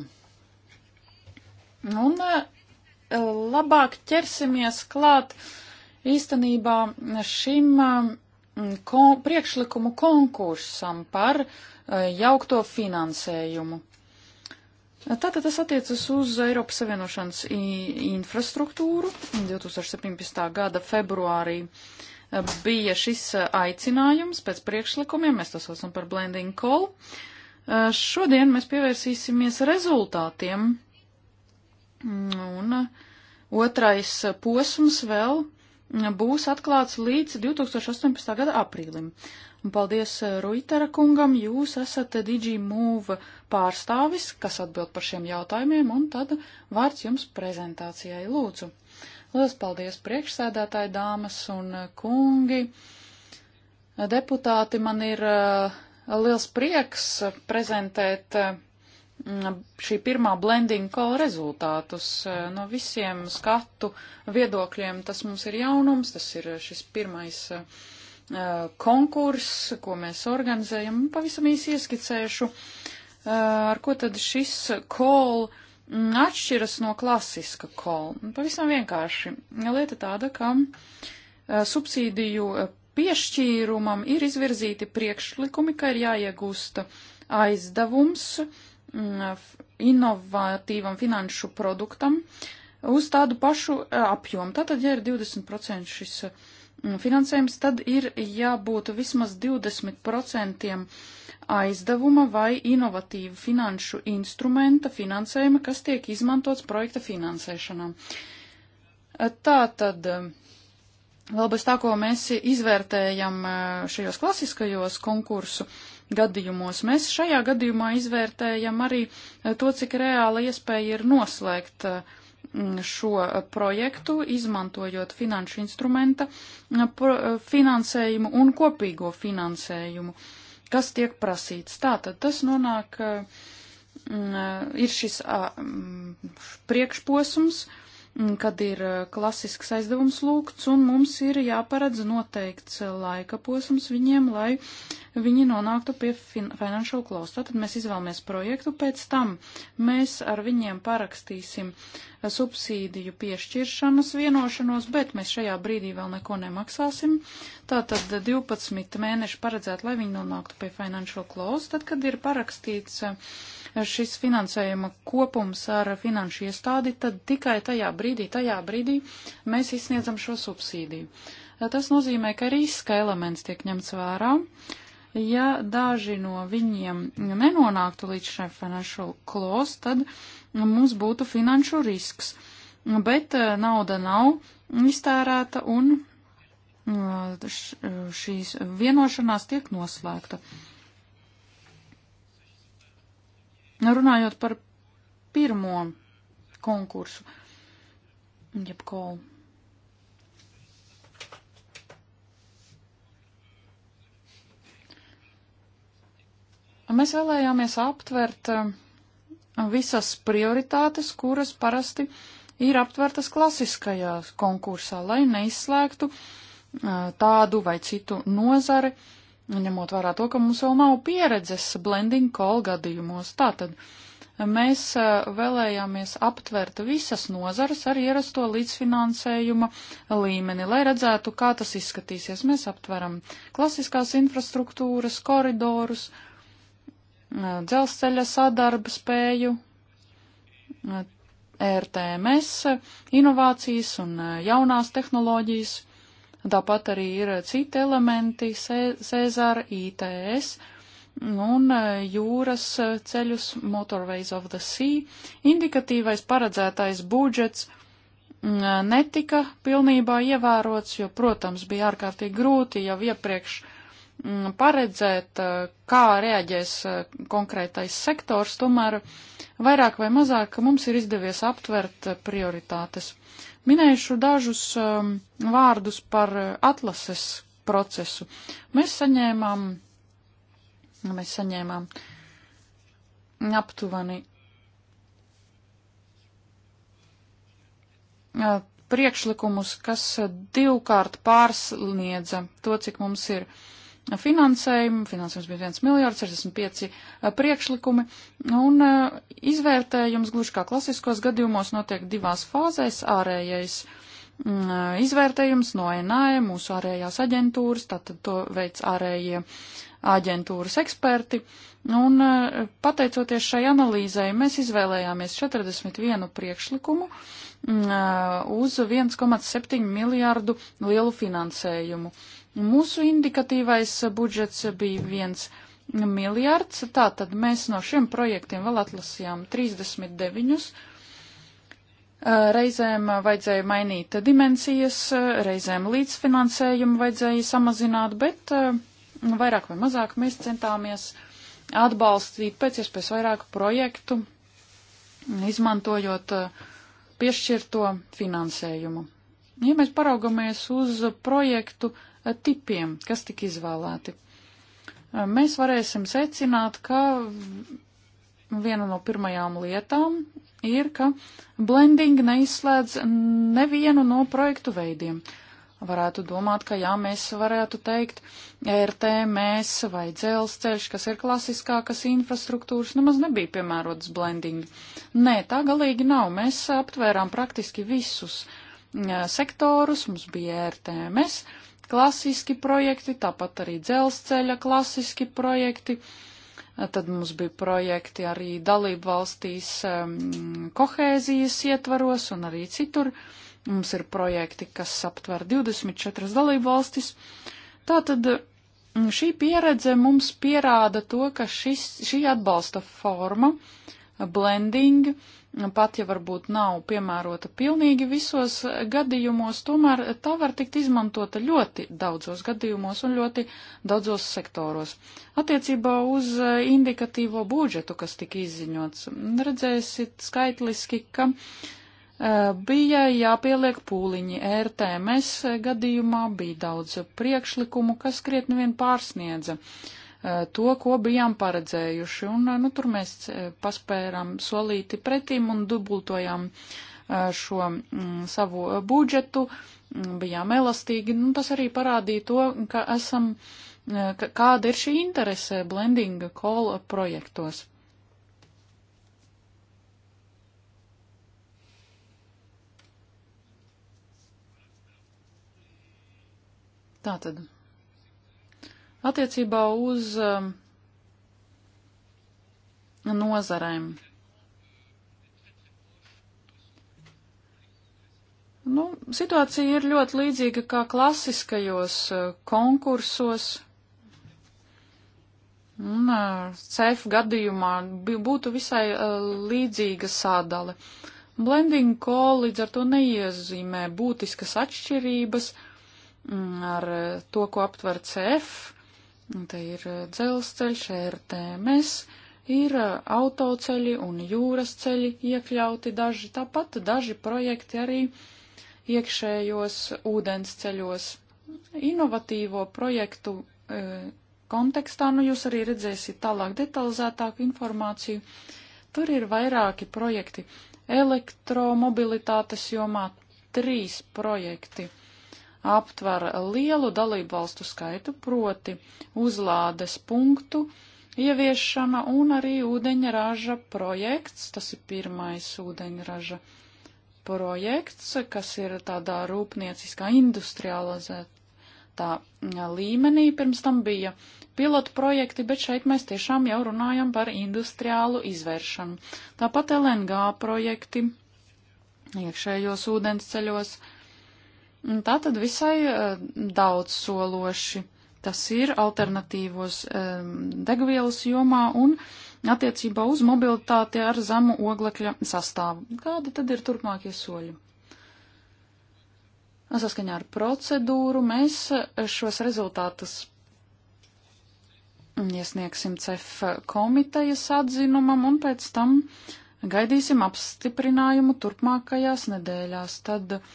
Un eh, labāk ķersimies klāt īstenībā šim eh, kon priekšlikumu konkursam par eh, jaukto finansējumu. Tātad tas attiecas uz Eiropas Savienošanas infrastruktūru. 2017. gada februārī bija šis aicinājums pēc priekšlikumiem, mēs to saucam par blending call. Uh, Eh, šodien mēs pievērsīsimies rezultātiem. Un eh, otrais posms vēl eh, būs atklāts līdz 2018. gada aprīlim. Un paldies Ruitera kungam, jūs esat DigiMove pārstāvis, kas atbild par šiem jautājumiem, un tad vārds jums prezentācijai lūdzu. Lielas paldies priekšsēdētāji dāmas un kungi. Deputāti man ir uh, liels prieks prezentēt mm, šī pirmā blending call rezultātus no visiem skatu viedokļiem. Tas mums ir jaunums, tas ir šis pirmais eh, konkurss, ko mēs organizējam. Pavisam īsi ieskicēšu, eh, ar ko tad šis call mm, atšķiras no klasiska call. Pavisam vienkārši. Lieta tāda, ka eh, subsīdiju piešķīrumam ir izvirzīti priekšlikumi, ka ir jāiegūsta aizdevums mm, inovatīvam finanšu produktam uz tādu pašu e, apjomu. Tātad, ja ir 20% šis mm, finansējums, tad ir jābūt vismaz 20% aizdevuma vai inovatīvu finanšu instrumenta finansējuma, kas tiek izmantots projekta finansēšanām. E, tātad Vēl bez tā, ko mēs izvērtējam eh, šajos klasiskajos konkursu gadījumos, mēs šajā gadījumā izvērtējam arī eh, to, cik reāla iespēja ir noslēgt eh, šo projektu, izmantojot finanšu instrumenta finansējumu un kopīgo finansējumu, kas tiek prasīts. Tātad tas nonāk, ir šis priekšposms, Mm, kad ir uh, klasisks aizdevums lūgts, un mums ir jāparedz noteikts uh, laika posms viņiem, lai viņi nonāktu pie fin Financial Close. Tātad mēs izvēlamies projektu, pēc tam mēs ar viņiem parakstīsim uh, subsīdiju piešķiršanas vienošanos, bet mēs šajā brīdī vēl neko nemaksāsim. Tātad 12 mēneši paredzēt, lai viņi nonāktu pie Financial Close, tad, kad ir parakstīts uh, šis finansējuma kopums ar finanšu iestādi, tad tikai tajā brīdī, tajā brīdī mēs izsniedzam šo subsīdiju. Tas nozīmē, ka riska elements tiek ņemts vērā. Ja daži no viņiem nenonāktu līdz šai financial close, tad mums būtu finanšu risks. Bet eh, nauda nav iztērēta un eh, šīs vienošanās tiek noslēgta. Uh, Nu, runājot par pirmo konkursu, jeb kolu. Mēs vēlējāmies aptvert eh, visas prioritātes, kuras parasti ir aptvertas klasiskajā konkursā, lai neizslēgtu eh, tādu vai citu nozari ņemot vērā to, ka mums vēl nav pieredzes blending call gadījumos. Tātad mēs eh, vēlējāmies aptvert visas nozares ar ierasto līdzfinansējuma līmeni, lai redzētu, kā tas izskatīsies. Mēs aptveram klasiskās infrastruktūras, koridorus, eh, dzelzceļa sadarba spēju, eh, RTMS, inovācijas un jaunās tehnoloģijas Tāpat arī ir citi elementi - Cezara, ITS un e, jūras ceļus Motorways of the Sea. Indikatīvais paredzētais budžets mm, e, netika pilnībā ievērots, jo, protams, bija ārkārtīgi grūti jau iepriekš Mm, paredzēt, eh, kā reaģēs eh, konkrētais sektors, tomēr vairāk vai mazāk mums ir izdevies aptvert eh, prioritātes. Minējušu dažus ehm, vārdus par atlases procesu. Mēs saņēmām, mēs saņēmām aptuveni priekšlikumus, kas divkārt pārsniedza to, cik mums ir uh, finansējumu. Finansējums bija 1 miljārds, 65 priekšlikumi. Un izvērtējums gluži kā klasiskos gadījumos notiek divās fāzēs - ārējais izvērtējums no NAE, mūsu ārējās aģentūras, tātad to veic ārējie aģentūras eksperti. Un pateicoties šai analīzai, mēs izvēlējāmies 41 priekšlikumu uz 1,7 miljārdu lielu finansējumu. Mūsu indikatīvais budžets bija viens miljards, tātad mēs no šiem projektiem vēl atlasījām 39. Reizēm vajadzēja mainīt dimensijas, reizēm līdzfinansējumu vajadzēja samazināt, bet vairāk vai mazāk mēs centāmies atbalstīt pēc iespējas vairāk projektu, izmantojot piešķirto finansējumu. Ja mēs paraugamies uz projektu tipiem, kas tika izvēlēti. Mēs varēsim secināt, ka viena no pirmajām lietām ir, ka blending neizslēdz nevienu no projektu veidiem. Varētu domāt, ka jā, mēs varētu teikt RTMS e vai dzelzceļš, kas ir klasiskākas infrastruktūras, nemaz nebija piemērotas blending. Nē, tā galīgi nav. Mēs aptvērām praktiski visus sektorus, mums bija RTMS, e uh, klasiski projekti, tāpat arī dzelzceļa klasiski projekti. Tad mums bija projekti arī dalību valstīs kohēzijas ietvaros un arī citur. Mums ir projekti, kas aptver 24 dalību valstis. Tātad šī pieredze mums pierāda to, ka šis, šī atbalsta forma, blending, uh, pat ja varbūt nav piemērota pilnīgi visos gadījumos, tomēr tā var tikt izmantota ļoti daudzos gadījumos un ļoti daudzos sektoros. Attiecībā uz eh, indikatīvo budžetu, kas tika izziņots, redzēsit skaitliski, ka eh, bija jāpieliek pūliņi. RTMS gadījumā bija daudz priekšlikumu, kas krietni vien pārsniedza uh, to, ko bijām paredzējuši. Un, nu, tur mēs eh, paspērām solīti pretim un dubultojām eh, šo mm, savu eh, budžetu, mm, bijām elastīgi. Nu, tas arī parādīja to, ka esam, ka, kāda ir šī interese blendinga kola projektos. Tātad. Attiecībā uz um, nozarēm. Nu, situācija ir ļoti līdzīga kā klasiskajos uh, konkursos. Un uh, CEF gadījumā būtu visai uh, līdzīga sādale. Blending call līdz ar to neiezīmē būtiskas atšķirības mm, ar to, ko aptver CF Nu, te ir eh, dzelzceļš, RTMS, ir eh, autoceļi un jūras ceļi iekļauti daži, tāpat daži projekti arī iekšējos ūdens ceļos. Inovatīvo projektu e, kontekstā, nu jūs arī redzēsiet tālāk detalizētāku informāciju, tur ir vairāki projekti elektromobilitātes jomā, trīs projekti aptver lielu dalību valstu skaitu, proti uzlādes punktu ieviešana un arī ūdeņraža projekts. Tas ir pirmais ūdeņraža projekts, kas ir tādā rūpnieciskā industrializētā līmenī. Pirms tam bija pilotu projekti, bet šeit mēs tiešām jau runājam par industriālu izvēršanu. Tāpat LNG projekti iekšējos ūdensceļos ceļos Tā tad visai eh, daudz sološi. Tas ir alternatīvos ehm, degvielas jomā un attiecībā uz mobilitāti ar zemu oglekļa sastāvu. Kādi tad ir turpmākie soļi? Saskaņā ar procedūru mēs eh, šos rezultātus iesniegsim CEF komitejas atzinumam un pēc tam gaidīsim apstiprinājumu turpmākajās nedēļās. Tad uh,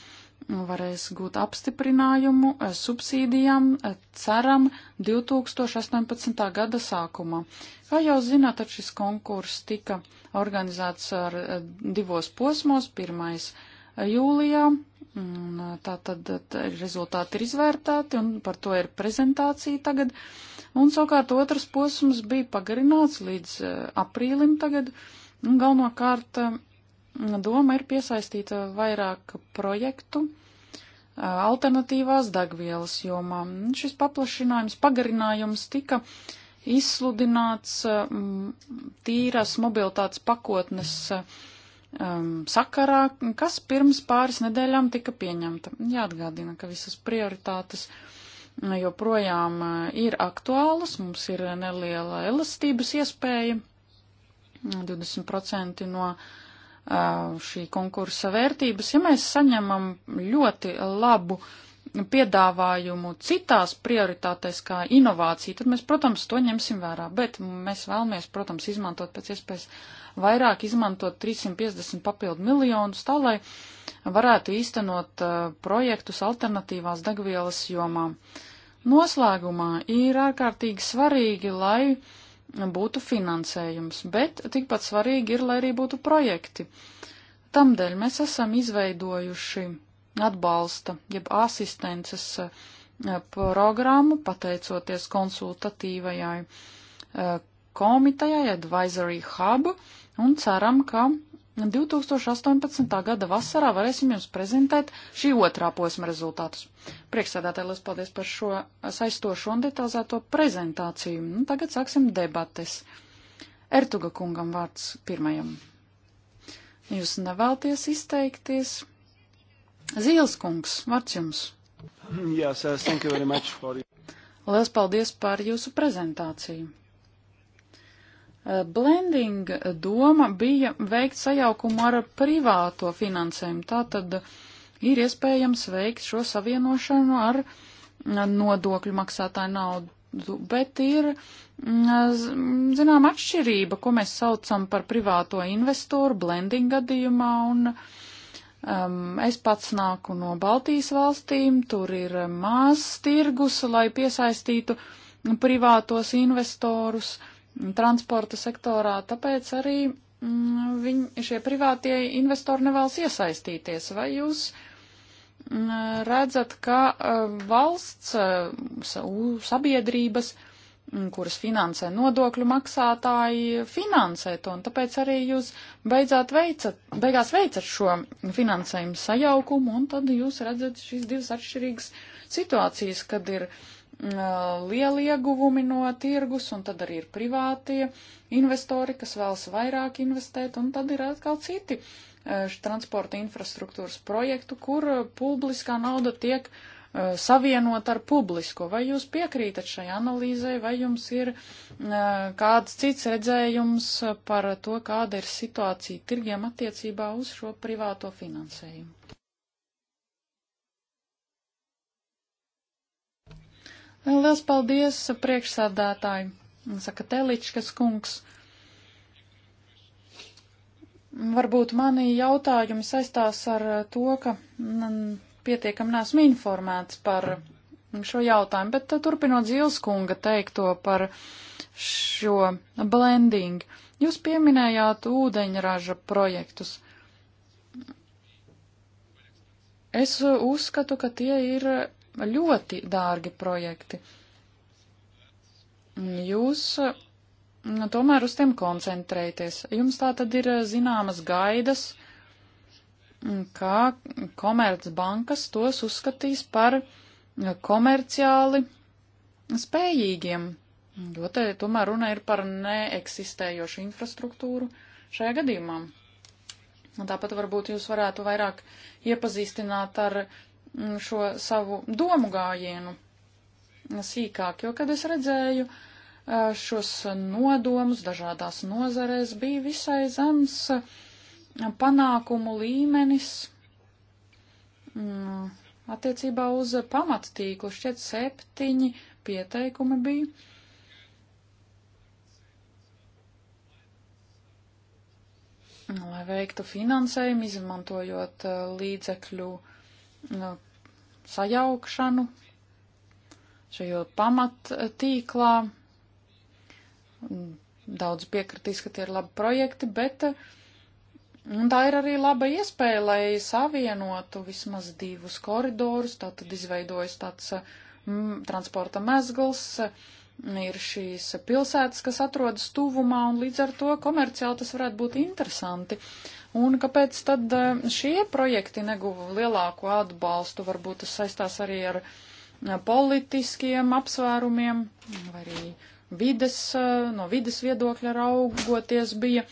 varēs gūt apstiprinājumu eh, subsīdijām, eh, ceram, 2018. gada sākumā. Kā jau zināt, šis konkurss tika organizēts ar eh, divos posmos. Pirmais jūlijā, tā tad rezultāti ir izvērtēti un par to ir prezentācija tagad. Un savukārt otrs posms bija pagarināts līdz aprīlim tagad. Un galvenokārt doma ir piesaistīt vairāk projektu alternatīvās degvielas jomā. Šis paplašinājums, pagarinājums tika izsludināts tīras mobilitātes pakotnes sakarā, kas pirms pāris nedēļām tika pieņemta. Jāatgādina, ka visas prioritātes joprojām ir aktuālas, mums ir neliela elastības iespēja, 20% no uh, Uh, šī konkursa vērtības. Ja mēs saņemam ļoti labu piedāvājumu citās prioritātēs kā inovācija, tad mēs, protams, to ņemsim vērā, bet mēs vēlamies, protams, izmantot pēc iespējas vairāk, izmantot 350 papildu miljonus, tā lai varētu īstenot uh, projektus alternatīvās degvielas jomā. Noslēgumā ir ārkārtīgi svarīgi, lai būtu finansējums, bet tikpat svarīgi ir, lai arī būtu projekti. Tamdēļ mēs esam izveidojuši atbalsta, jeb asistences eh, programmu, pateicoties konsultatīvajai eh, komitejai Advisory Hub, un ceram, ka 2018. gada vasarā varēsim jums prezentēt šī otrā posma rezultātus. Prieksēdētāji, liels paldies par šo saistošo un detalizēto prezentāciju. Nu, tagad sāksim debates. Ertuga kungam vārds pirmajam. Jūs nevēlties izteikties. Zīles kungs, vārds jums. Yes, thank you very much for... Liels paldies par jūsu prezentāciju. Blending doma bija veikt sajaukumu ar privāto finansējumu. Tātad ir iespējams veikt šo savienošanu ar nodokļu maksātāju naudu, bet ir, mm, zinām, atšķirība, ko mēs saucam par privāto investoru blending gadījumā, un um, es pats nāku no Baltijas valstīm, tur ir mās tirgus, lai piesaistītu privātos investorus. Uh, transporta sektorā, tāpēc arī mm, viņ, šie privātie investori nevēlas iesaistīties. Vai jūs mm, redzat, ka e, valsts e, sabiedrības, mm, kuras finansē nodokļu maksātāji, finansē to, un tāpēc arī jūs beidzāt veicat, beigās veicat šo finansējumu sajaukumu, un tad jūs redzat šīs divas atšķirīgas situācijas, kad ir uh, lieli ieguvumi no tirgus, un tad arī ir privātie investori, kas vēlas vairāk investēt, un tad ir atkal citi transporta infrastruktūras projektu, kur publiskā nauda tiek savienot ar publisko. Vai jūs piekrītat šai analīzai, vai jums ir kāds cits redzējums par to, kāda ir situācija tirgiem attiecībā uz šo privāto finansējumu? Liels paldies priekšsādātāji, saka Teličkas kungs. Varbūt mani jautājumi saistās ar to, ka pietiekam nesmu informēts par šo jautājumu, bet turpinot Zilskunga teikto par šo blending, jūs pieminējāt ūdeņraža projektus. Es uzskatu, ka tie ir ļoti dārgi projekti. Jūs mm, tomēr uz tiem koncentrēties. Jums tā tad ir eh, zināmas gaidas, mm, kā komercbankas tos uzskatīs par eh, komerciāli spējīgiem, jo te tomēr runa ir par neeksistējošu infrastruktūru šajā gadījumā. Tāpat varbūt jūs varētu vairāk iepazīstināt ar šo savu domu gājienu sīkāk, jo, kad es redzēju šos nodomus dažādās nozarēs, bija visai zems panākumu līmenis mm, attiecībā uz pamattīklu, šķiet septiņi pieteikumi bija. Lai veiktu finansējumu, izmantojot līdzekļu uh, Nu, sajaukšanu šajā pamattīklā. Daudz piekritīs, ka tie ir labi projekti, bet tā ir arī laba iespēja, lai savienotu vismaz divus koridorus. Tā tad izveidojas tāds m, transporta mezgls, ir šīs pilsētas, kas atrodas tuvumā, un līdz ar to komerciāli tas varētu būt interesanti. Uh, Un kāpēc tad e, šie projekti neguva lielāku atbalstu? Varbūt tas saistās arī ar e, politiskiem apsvērumiem, vai arī vides, e, no vides viedokļa raugoties bija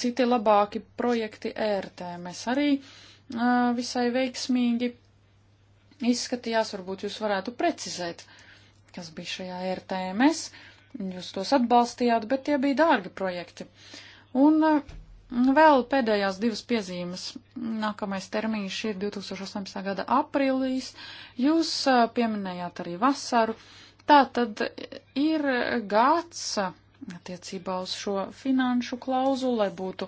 citi labāki projekti ērtē. Mēs arī visai veiksmīgi izskatījās, varbūt jūs varētu precizēt, kas bija šajā RTMS. Jūs tos atbalstījāt, bet tie bija dārgi projekti. Un uh, Vēl pēdējās divas piezīmes. Nākamais termīns ir 2018. gada aprīlīs. Jūs pieminējāt arī vasaru. Tā tad ir gads attiecībā uz šo finanšu klauzulu, lai būtu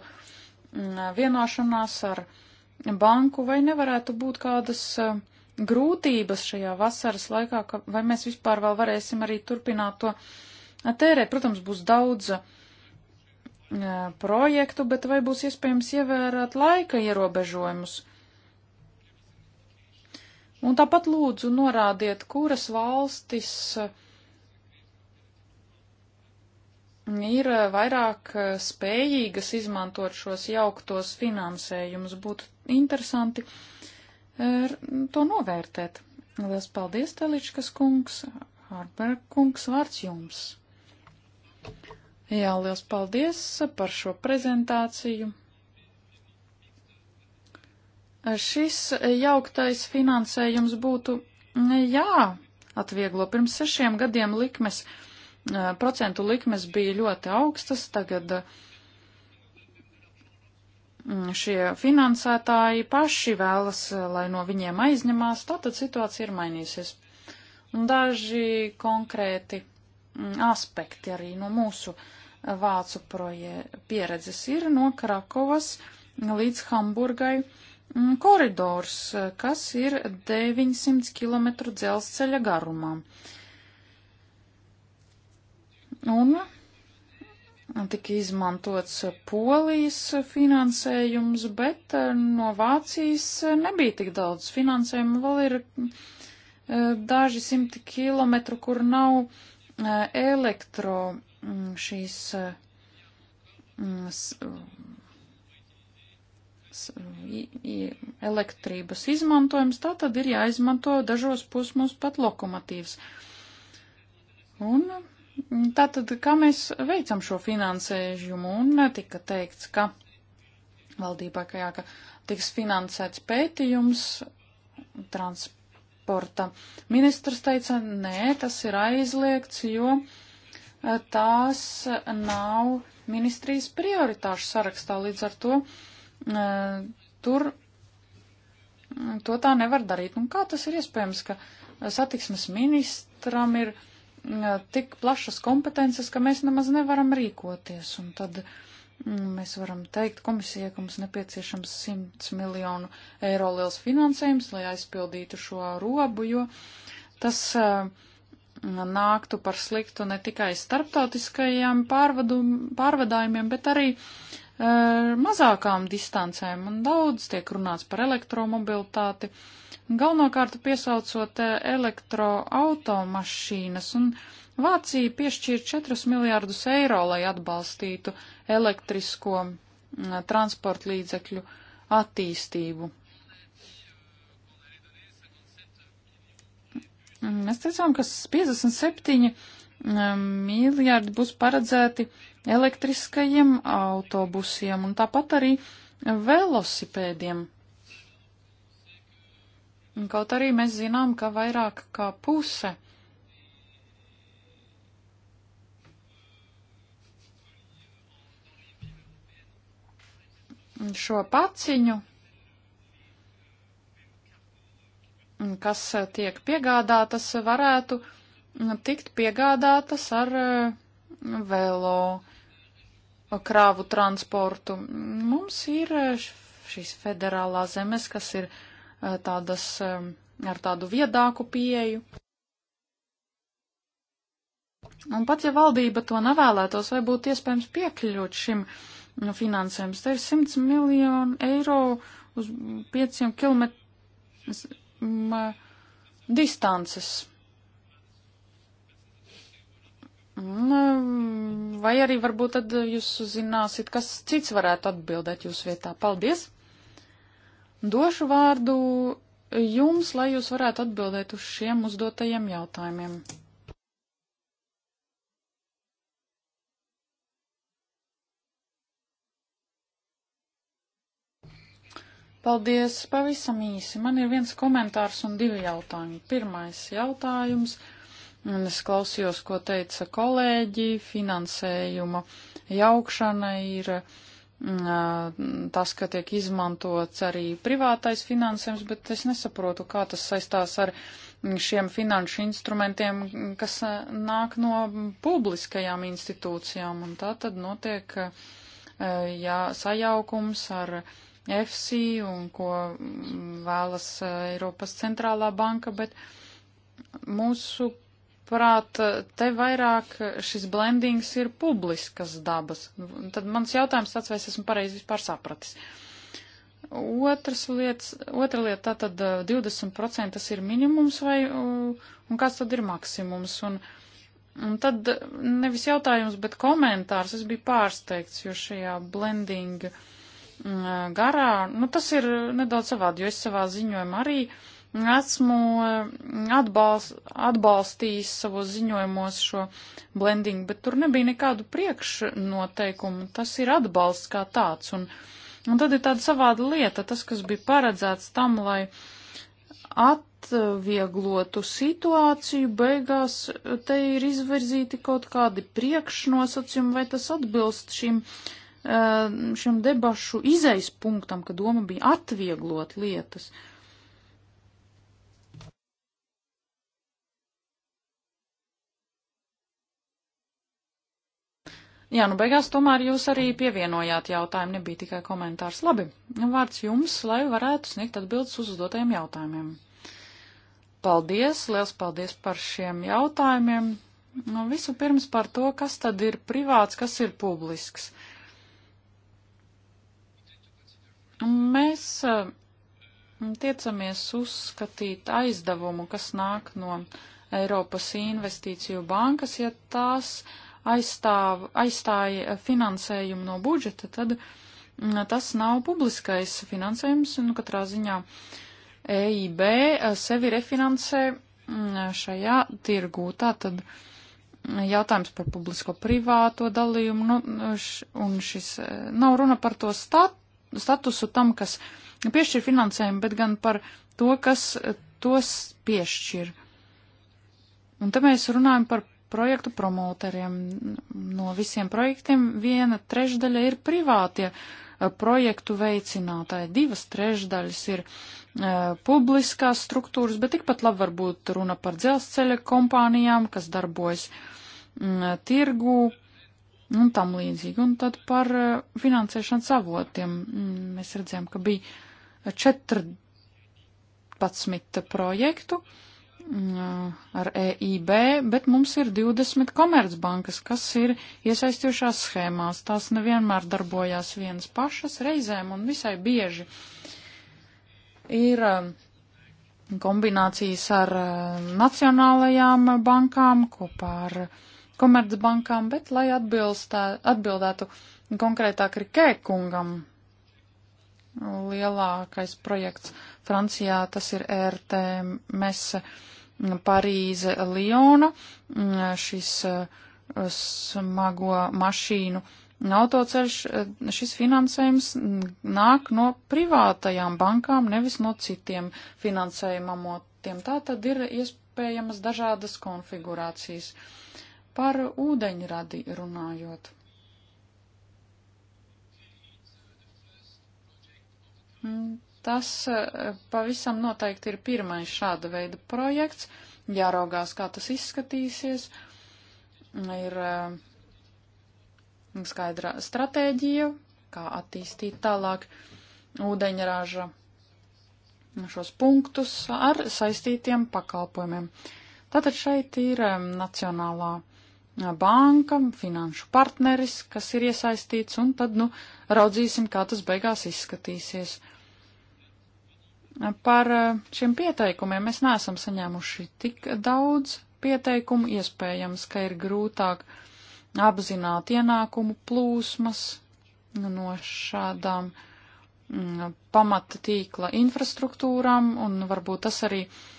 vienošanās ar banku, vai nevarētu būt kādas grūtības šajā vasaras laikā, vai mēs vispār vēl varēsim arī turpināt to tērēt. Protams, būs daudz uh, projektu, bet vai būs iespējams ievērāt laika ierobežojumus? Un tāpat lūdzu norādiet, kuras valstis ir vairāk spējīgas izmantot šos jauktos finansējumus. Būtu interesanti to novērtēt. Lielas paldies, Teličkas kungs, Hārberg kungs, vārds jums. Jā, liels paldies par šo prezentāciju. Šis jauktais finansējums būtu jāatvieglo. Pirms sešiem gadiem likmes, procentu likmes bija ļoti augstas, tagad šie finansētāji paši vēlas, lai no viņiem aizņemās, tātad situācija ir mainīsies. Un daži konkrēti Mm, aspekti arī no mūsu eh, vācu proje, pieredzes ir no Krakovas līdz Hamburgai mm, koridors, eh, kas ir 900 km dzelzceļa garumā. Un tika izmantots polijas finansējums, bet eh, no Vācijas nebija tik daudz finansējumu. Vēl ir daži simti kilometru, kur nav elektro mm, šīs mm, elektrības izmantojums, tā tad ir jāizmanto dažos pusmūs pat lokomotīvas. Un mm, tā tad, kā mēs veicam šo finansējumu, un tika teikts, ka valdībā, ka jā, ka tiks finansēts pētījums trans, eksporta. Ministrs teica, nē, tas ir aizliegts, jo eh, tās nav ministrijas prioritāšu sarakstā, līdz ar to eh, tur mm, to tā nevar darīt. Un nu, kā tas ir iespējams, ka eh, satiksmes ministram ir mm, tik plašas kompetences, ka mēs nemaz nevaram rīkoties? Un tad uh, Mēs varam teikt komisijai, ka mums nepieciešams 100 miljonu eiro liels finansējums, lai aizpildītu šo robu, jo tas eh, nāktu par sliktu ne tikai starptautiskajiem pārvadu, pārvadājumiem, bet arī uh, mazākām distancēm. Un daudz tiek runāts par elektromobilitāti, galvenokārt piesaucot eh, elektroautomašīnas. Un, uh, Vācija piešķīra 4 miljārdus eiro, lai atbalstītu elektrisko transporta līdzekļu attīstību. Mēs teicām, ka 57 miljardi būs paredzēti elektriskajiem autobusiem un tāpat arī velosipēdiem. Kaut arī mēs zinām, ka vairāk kā puse šo paciņu, kas tiek piegādātas, varētu tikt piegādātas ar eh, velo krāvu transportu. Mums ir eh, šīs federālā zemes, kas ir eh, tādas ar tādu viedāku pieeju. Un pat ja valdība to nevēlētos, vai būtu iespējams piekļūt šim uh, Nu, finansējums. Te ir 100 miljonu eiro uz 500 km mm, distances. Mm, vai arī varbūt tad jūs zināsiet, kas cits varētu atbildēt jūsu vietā. Paldies! Došu vārdu jums, lai jūs varētu atbildēt uz šiem uzdotajiem jautājumiem. Paldies pavisam īsi. Man ir viens komentārs un divi jautājumi. Pirmais jautājums. Un es klausījos, ko teica kolēģi. Finansējuma jaukšana ir mm, tas, ka tiek izmantots arī privātais finansējums, bet es nesaprotu, kā tas saistās ar šiem finanšu instrumentiem, kas nāk no publiskajām institūcijām. Un tā tad notiek jā, sajaukums ar. Uh, EFSI un ko mm, vēlas eh, Eiropas centrālā banka, bet mūsu prāt, te vairāk šis blendings ir publiskas dabas. Tad mans jautājums tāds, vai es esmu pareizi vispār sapratis. Otras lietas, otra lieta, tā tad 20% tas ir minimums vai, un kāds tad ir maksimums? Un, un tad eh, nevis jautājums, bet komentārs, es biju pārsteigts, jo šajā blendinga uh, Mm, garā, nu tas ir nedaudz savādi, jo es savā ziņojumā arī esmu atbalst, atbalstījis savos ziņojumos šo blendingu, bet tur nebija nekādu priekšnoteikumu, tas ir atbalsts kā tāds. Un, un tad ir tāda savāda lieta, tas, kas bija paredzēts tam, lai atvieglotu situāciju, beigās te ir izvirzīti kaut kādi priekšnosacījumi, vai tas atbilst šīm uh, Um, šim debašu izejas punktam, ka doma bija atvieglot lietas. Jā, nu beigās tomēr jūs arī pievienojāt jautājumu, nebija tikai komentārs. Labi, vārds jums, lai varētu sniegt atbildes uz uzdotajiem jautājumiem. Paldies, liels paldies par šiem jautājumiem. Nu, visu pirms par to, kas tad ir privāts, kas ir publisks. Mēs eh, tiecamies uzskatīt aizdevumu, kas nāk no Eiropas investīciju bankas, ja tās aizstāv, aizstāja finansējumu no budžeta, tad mm, tas nav publiskais finansējums, nu katrā ziņā EIB eh, sevi refinansē mm, šajā tirgū. Tātad mm, jautājums par publisko privāto dalījumu, nu, š, un šis eh, nav runa par to statu statusu tam, kas piešķir finansējumu, bet gan par to, kas eh, tos piešķir. Un te mēs runājam par projektu promoteriem. No visiem projektiem viena trešdaļa ir privātie eh, projektu veicinātāji, divas trešdaļas ir uh, publiskās struktūras, bet tikpat labi var būt runa par dzelzceļa kompānijām, kas darbojas mm, tirgu, un tam līdzīgi. Un tad par eh, finansēšanas avotiem mm, mēs redzējām, ka bija 14 projektu mm, ar EIB, bet mums ir 20 komercbankas, kas ir iesaistījušās schēmās. Tās nevienmēr darbojās vienas pašas reizēm un visai bieži ir eh, kombinācijas ar eh, nacionālajām bankām kopā ar uh, komercbankām, bet lai atbilstā, atbildētu konkrētāk Rikē kungam, lielākais projekts Francijā, tas ir RTMS Parīze Liona, mm, šis eh, smago mašīnu autoceļš, eh, šis finansējums nāk no privātajām bankām, nevis no citiem finansējumamotiem. Tā tad ir iespējamas dažādas konfigurācijas. Uh, Par ūdeņradi runājot. Mm, tas eh, pavisam noteikti ir pirmais šāda veida projekts. Jāraugās, kā tas izskatīsies. Ir eh, skaidra stratēģija, kā attīstīt tālāk ūdeņrāža šos punktus ar saistītiem pakalpojumiem. Tātad šeit ir eh, nacionālā banka, finanšu partneris, kas ir iesaistīts, un tad, nu, raudzīsim, kā tas beigās izskatīsies. Par eh, šiem pieteikumiem mēs neesam saņēmuši tik daudz pieteikumu, iespējams, ka ir grūtāk apzināt ienākumu plūsmas nu, no šādām mm, pamata tīkla infrastruktūrām, un varbūt tas arī uh,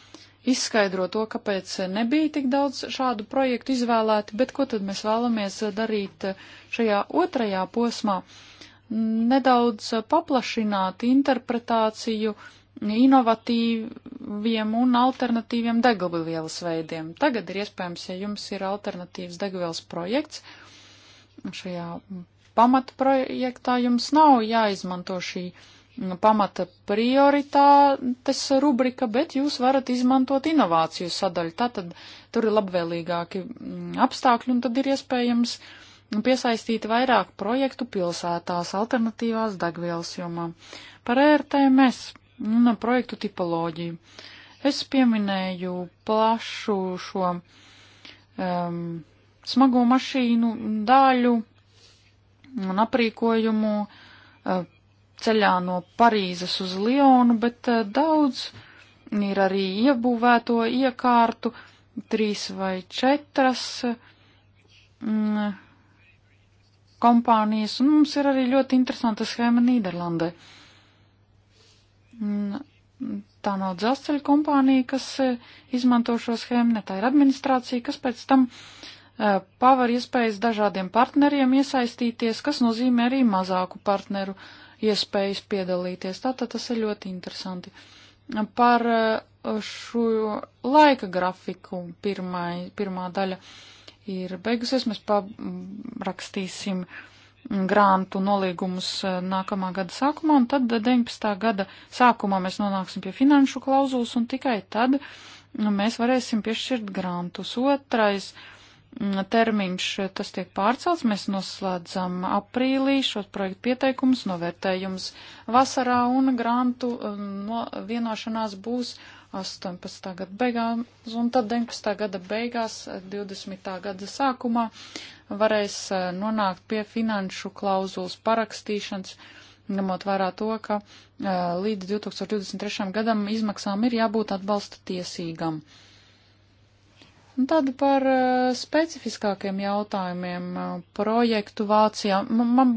izskaidro to, kāpēc nebija tik daudz šādu projektu izvēlēti, bet ko tad mēs vēlamies darīt šajā otrajā posmā? Nedaudz paplašināt interpretāciju inovatīviem un alternatīviem degvielas veidiem. Tagad ir iespējams, ja jums ir alternatīvs degvielas projekts, šajā pamatprojektā jums nav jāizmanto šī uh, Nu, pamata prioritātes rubrika, bet jūs varat izmantot inovāciju sadaļu. Tātad tur ir labvēlīgāki mm, apstākļi un tad ir iespējams piesaistīt vairāk projektu pilsētās alternatīvās degvielas jomā. Par ērtēmēs e un nu, projektu tipoloģiju. Es pieminēju plašu šo um, smago mašīnu daļu un aprīkojumu uh, ceļā no Parīzes uz Lionu, bet eh, daudz ir arī iebūvēto iekārtu, trīs vai četras mm, kompānijas, un mums ir arī ļoti interesanta schēma Nīderlandē. Mm, tā nav dzelzceļa kompānija, kas eh, izmanto šo schēmu, ne tā ir administrācija, kas pēc tam eh, paver iespējas dažādiem partneriem iesaistīties, kas nozīmē arī mazāku partneru uh, iespējas piedalīties. Tātad tas ir ļoti interesanti. Par eh, šo laika grafiku pirmai, pirmā daļa ir beigusies. Mēs parakstīsim grantu nolīgumus eh, nākamā gada sākumā, un tad 19. gada sākumā mēs nonāksim pie finanšu klauzulas, un tikai tad nu, mēs varēsim piešķirt grantus. Otrais. Uh, Mm, termiņš eh, tas tiek pārcelts, mēs noslēdzam aprīlī šo projektu pieteikumus, novērtējums vasarā un grantu eh, no, vienošanās būs 18. gada beigās un tad 19. gada beigās, 20. gada sākumā varēs eh, nonākt pie finanšu klauzulas parakstīšanas, ņemot vērā to, ka līdz 2023. gadam izmaksām ir jābūt atbalsta tiesīgam. Uh, Un tad par eh, specifiskākiem jautājumiem eh, projektu Vācijā. Man, man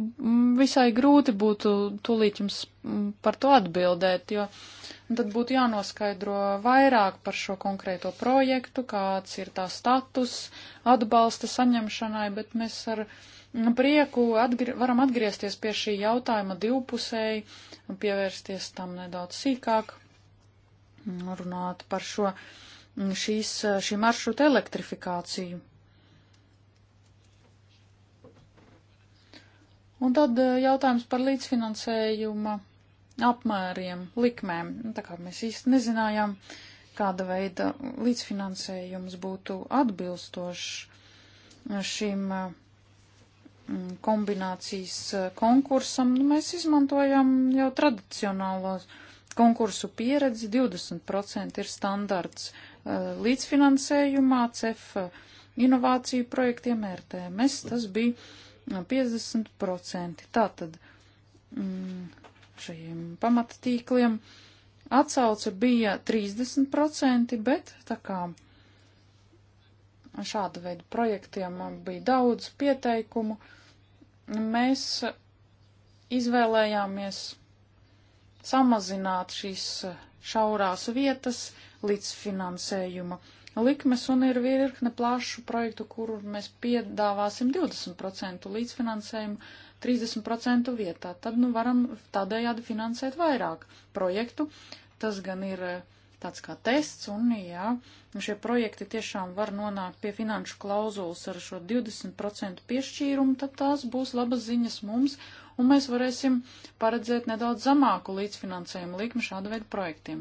visai grūti būtu tūlīt jums mm, par to atbildēt, jo tad būtu jānoskaidro vairāk par šo konkrēto projektu, kāds ir tā status atbalsta saņemšanai, bet mēs ar mm, prieku atgri varam atgriezties pie šī jautājuma divpusēji un pievērsties tam nedaudz sīkāk, mm, runāt par šo. Uh, šīs, eh, šī maršruta elektrifikāciju. Un tad eh, jautājums par līdzfinansējuma apmēriem, likmēm. Nu, tā kā mēs īsti nezinājām, kāda veida līdzfinansējums būtu atbilstošs šim eh, kombinācijas konkursam, nu, mēs izmantojam jau tradicionālos konkursu pieredzi, 20% ir standarts Eh, līdzfinansējumā, CEF eh, inovāciju projektiem RTMS, tas bija 50%. Eh, Tātad mm, šajiem pamattīkliem atsauce bija 30%, bet tā kā šāda veida projektiem bija daudz pieteikumu, mēs izvēlējāmies samazināt šīs šaurās vietas līdz finansējuma likmes un ir virkne plašu projektu, kuru mēs piedāvāsim 20% līdzfinansējumu 30% vietā. Tad nu varam tādējādi finansēt vairāk projektu. Tas gan ir eh, tāds kā tests, un jā, šie projekti tiešām var nonākt pie finanšu klauzulas ar šo 20% piešķīrumu, tad tās būs labas ziņas mums un mēs varēsim paredzēt nedaudz zamāku līdzfinansējumu likmi šāda veida projektiem.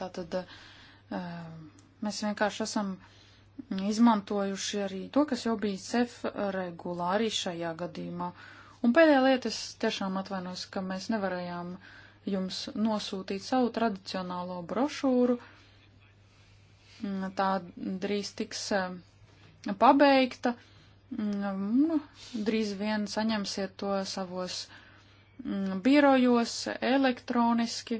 Tātad eh, mēs vienkārši esam izmantojuši arī to, kas jau bija CEF regulā arī šajā gadījumā. Un pēdējā lieta, es tiešām atvainojos, ka mēs nevarējām jums nosūtīt savu tradicionālo brošūru. Tā drīz tiks eh, pabeigta. Nu, drīz vien saņemsiet to savos mm, birojos elektroniski,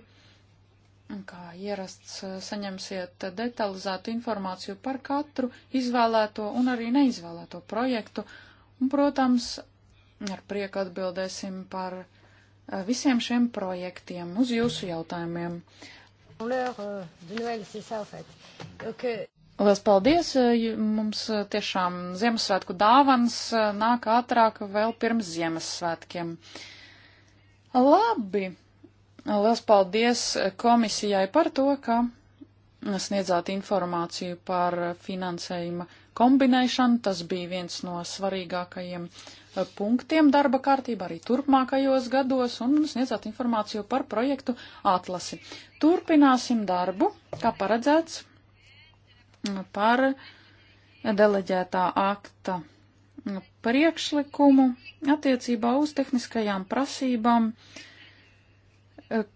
kā ierasts saņemsiet detalizētu informāciju par katru izvēlēto un arī neizvēlēto projektu. Un, protams, ar prieku atbildēsim par eh, visiem šiem projektiem uz jūsu jautājumiem. Leur, euh, de Noël, c'est ça en fait. Donc, euh... Liels paldies! Mums tiešām Ziemassvētku dāvans nāk ātrāk vēl pirms Ziemassvētkiem. Labi! Liels paldies komisijai par to, ka sniedzāt informāciju par finansējuma kombinēšanu. Tas bija viens no svarīgākajiem punktiem darba kārtībā arī turpmākajos gados un sniedzāt informāciju par projektu atlasi. Turpināsim darbu, kā paredzēts par deleģētā akta priekšlikumu attiecībā uz tehniskajām prasībām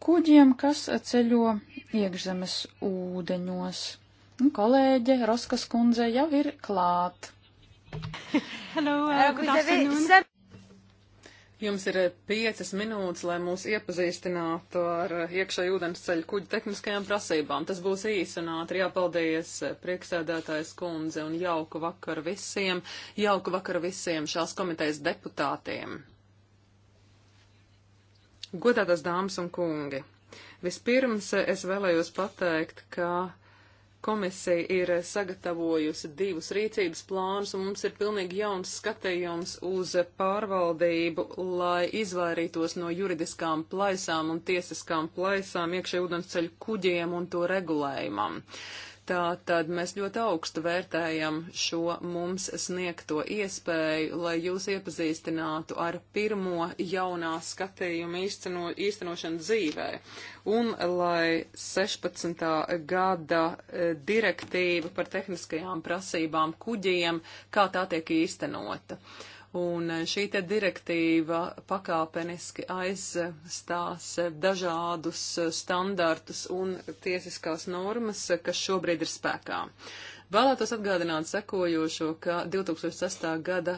kuģiem, kas ceļo iekšzemes ūdeņos. Un kolēģe Roskas kundze jau ir klāt. Hello, uh, uh good afternoon. Jums ir eh, piecas minūtes, lai mūs iepazīstinātu ar eh, iekšēju ūdensceļu kuģu tehniskajām prasībām. Tas būs īsi un ātri jāpaldies eh, prieksēdētājs kundze un jauku vakaru visiem, jauku vakaru visiem šās komitejas deputātiem. Godātas dāmas un kungi! Vispirms es vēlējos pateikt, ka Komisija ir sagatavojusi divus rīcības plānus, un mums ir pilnīgi jauns skatījums uz pārvaldību, lai izvairītos no juridiskām plaisām un tiesiskām plaisām iekšē ūdensceļu kuģiem un to regulējumam. Uh, Tā tad mēs ļoti augstu vērtējam šo mums sniegto iespēju, lai jūs iepazīstinātu ar pirmo jaunā skatījuma īsteno, īstenošanu dzīvē. Un lai 16. gada e, direktīva par tehniskajām prasībām kuģiem, kā tā tiek īstenota. Uh, Un eh, šī te direktīva pakāpeniski aizstās eh, dažādus eh, standartus un tiesiskās normas, kas šobrīd ir spēkā. Vēlētos atgādināt sekojošo, ka 2006. gada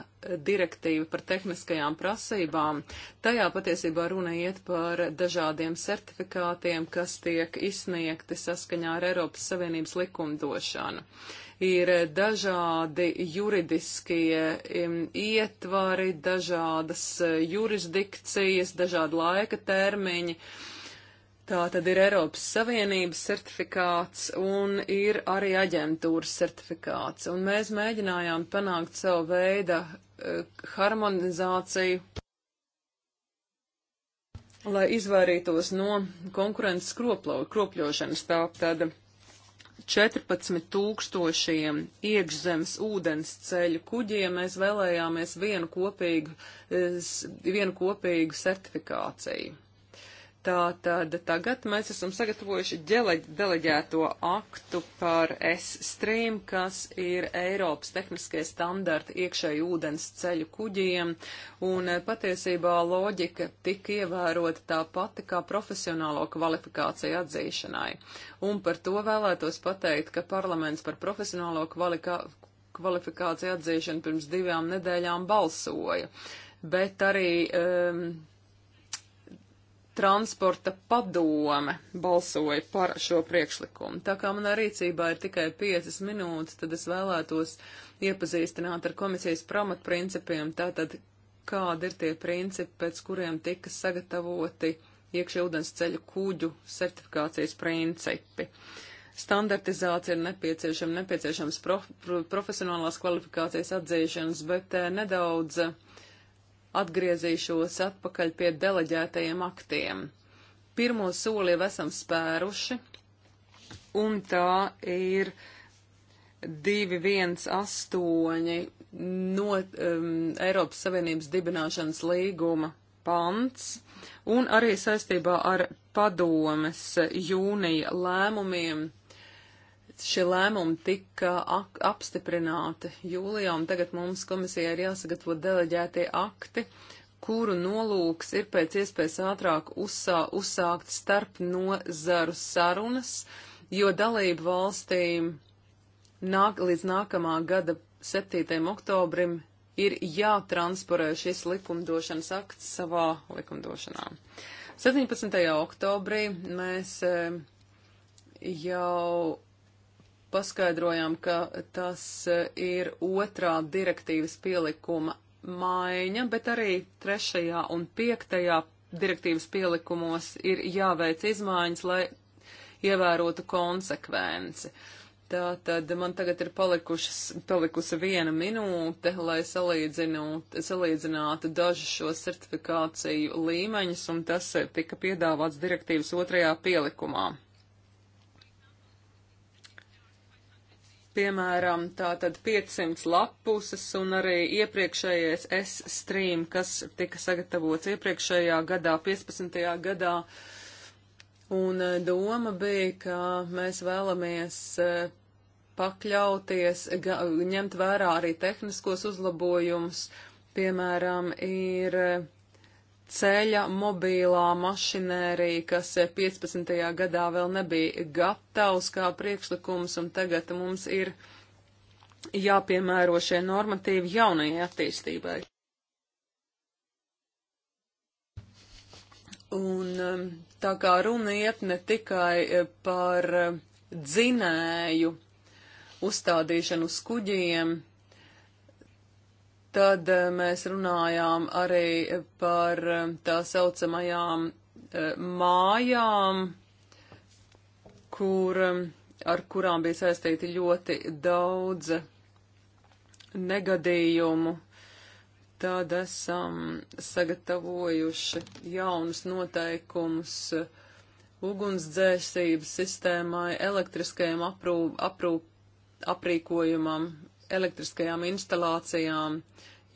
direktīva par tehniskajām prasībām, tajā patiesībā runa iet par dažādiem certifikātiem, kas tiek izsniegti saskaņā ar Eiropas Savienības likumdošanu. Uh, ir dažādi juridiskie ietvari, dažādas e, jurisdikcijas, dažādi laika termiņi. Tā tad ir Eiropas Savienības certifikāts un ir arī aģentūras certifikāts. Un mēs mēģinājām panākt savu veidu e, harmonizāciju, lai izvairītos no konkurences kroplo, kropļošanas. Tā tad 14 tūkstošiem iekšzemes ūdens ceļu kuģiem mēs vēlējāmies vienu kopīgu, vienu kopīgu certifikāciju. Tātad tagad mēs esam sagatavojuši deleģēto aktu par S-stream, kas ir Eiropas tehniskie standarti iekšēju ūdens ceļu kuģiem, un eh, patiesībā loģika tika ievērota tā pati kā profesionālo kvalifikāciju atzīšanai. Un par to vēlētos pateikt, ka parlaments par profesionālo kvalika, kvalifikāciju atzīšanu pirms divām nedēļām balsoja, bet arī. Um, transporta padome balsoja par šo priekšlikumu. Tā kā manā rīcībā ir tikai 5 minūtes, tad es vēlētos iepazīstināt ar komisijas pamatprincipiem, tātad kādi ir tie principi, pēc kuriem tika sagatavoti iekšē ūdens ceļu kuģu certifikācijas principi. Standartizācija ir nepieciešama, nepieciešams prof, profesionālās kvalifikācijas atzīšanas, bet eh, nedaudz eh, atgriezīšos atpakaļ pie deleģētajiem aktiem. Pirmo soli jau esam spēruši, un tā ir 218 no um, Eiropas Savienības dibināšanas līguma pants, un arī saistībā ar padomes jūnija lēmumiem Šie lēmumi tika apstiprināti jūlijā, un tagad mums komisijai ir jāsagatavo deleģētie akti, kuru nolūks ir pēc iespējas ātrāk uzsā, uzsākt starp nozaru sarunas, jo dalību valstīm nāk, līdz nākamā gada 7. oktobrim ir jātransponē šis likumdošanas akts savā likumdošanā. 17. oktobrī mēs eh, jau paskaidrojām, ka tas eh, ir otrā direktīvas pielikuma maiņa, bet arī trešajā un piektajā direktīvas pielikumos ir jāveic izmaiņas, lai ievērotu konsekvenci. Tā tad man tagad ir palikušas, palikusi viena minūte, lai salīdzinātu dažu šo certifikāciju līmeņus, un tas tika piedāvāts direktīvas otrajā pielikumā. piemēram, tātad 500 lapuses un arī iepriekšējais S-stream, kas tika sagatavots iepriekšējā gadā, 15. gadā. Un eh, doma bija, ka mēs vēlamies eh, pakļauties, ņemt vērā arī tehniskos uzlabojumus. Piemēram, ir eh, ceļa mobīlā mašinērija, kas 15. gadā vēl nebija gatavs kā priekšlikums, un tagad mums ir jāpiemēro šie normatīvi jaunajai attīstībai. Un um, tā kā runa iet ne tikai eh, par eh, dzinēju uzstādīšanu uz kuģiem, Tad eh, mēs runājām arī par eh, tā saucamajām eh, mājām, kur, ar kurām bija saistīti ļoti daudz negadījumu. Tad esam sagatavojuši jaunus noteikumus ugunsdzēsības sistēmai, elektriskajam aprū, aprū, aprīkojumam elektriskajām instalācijām,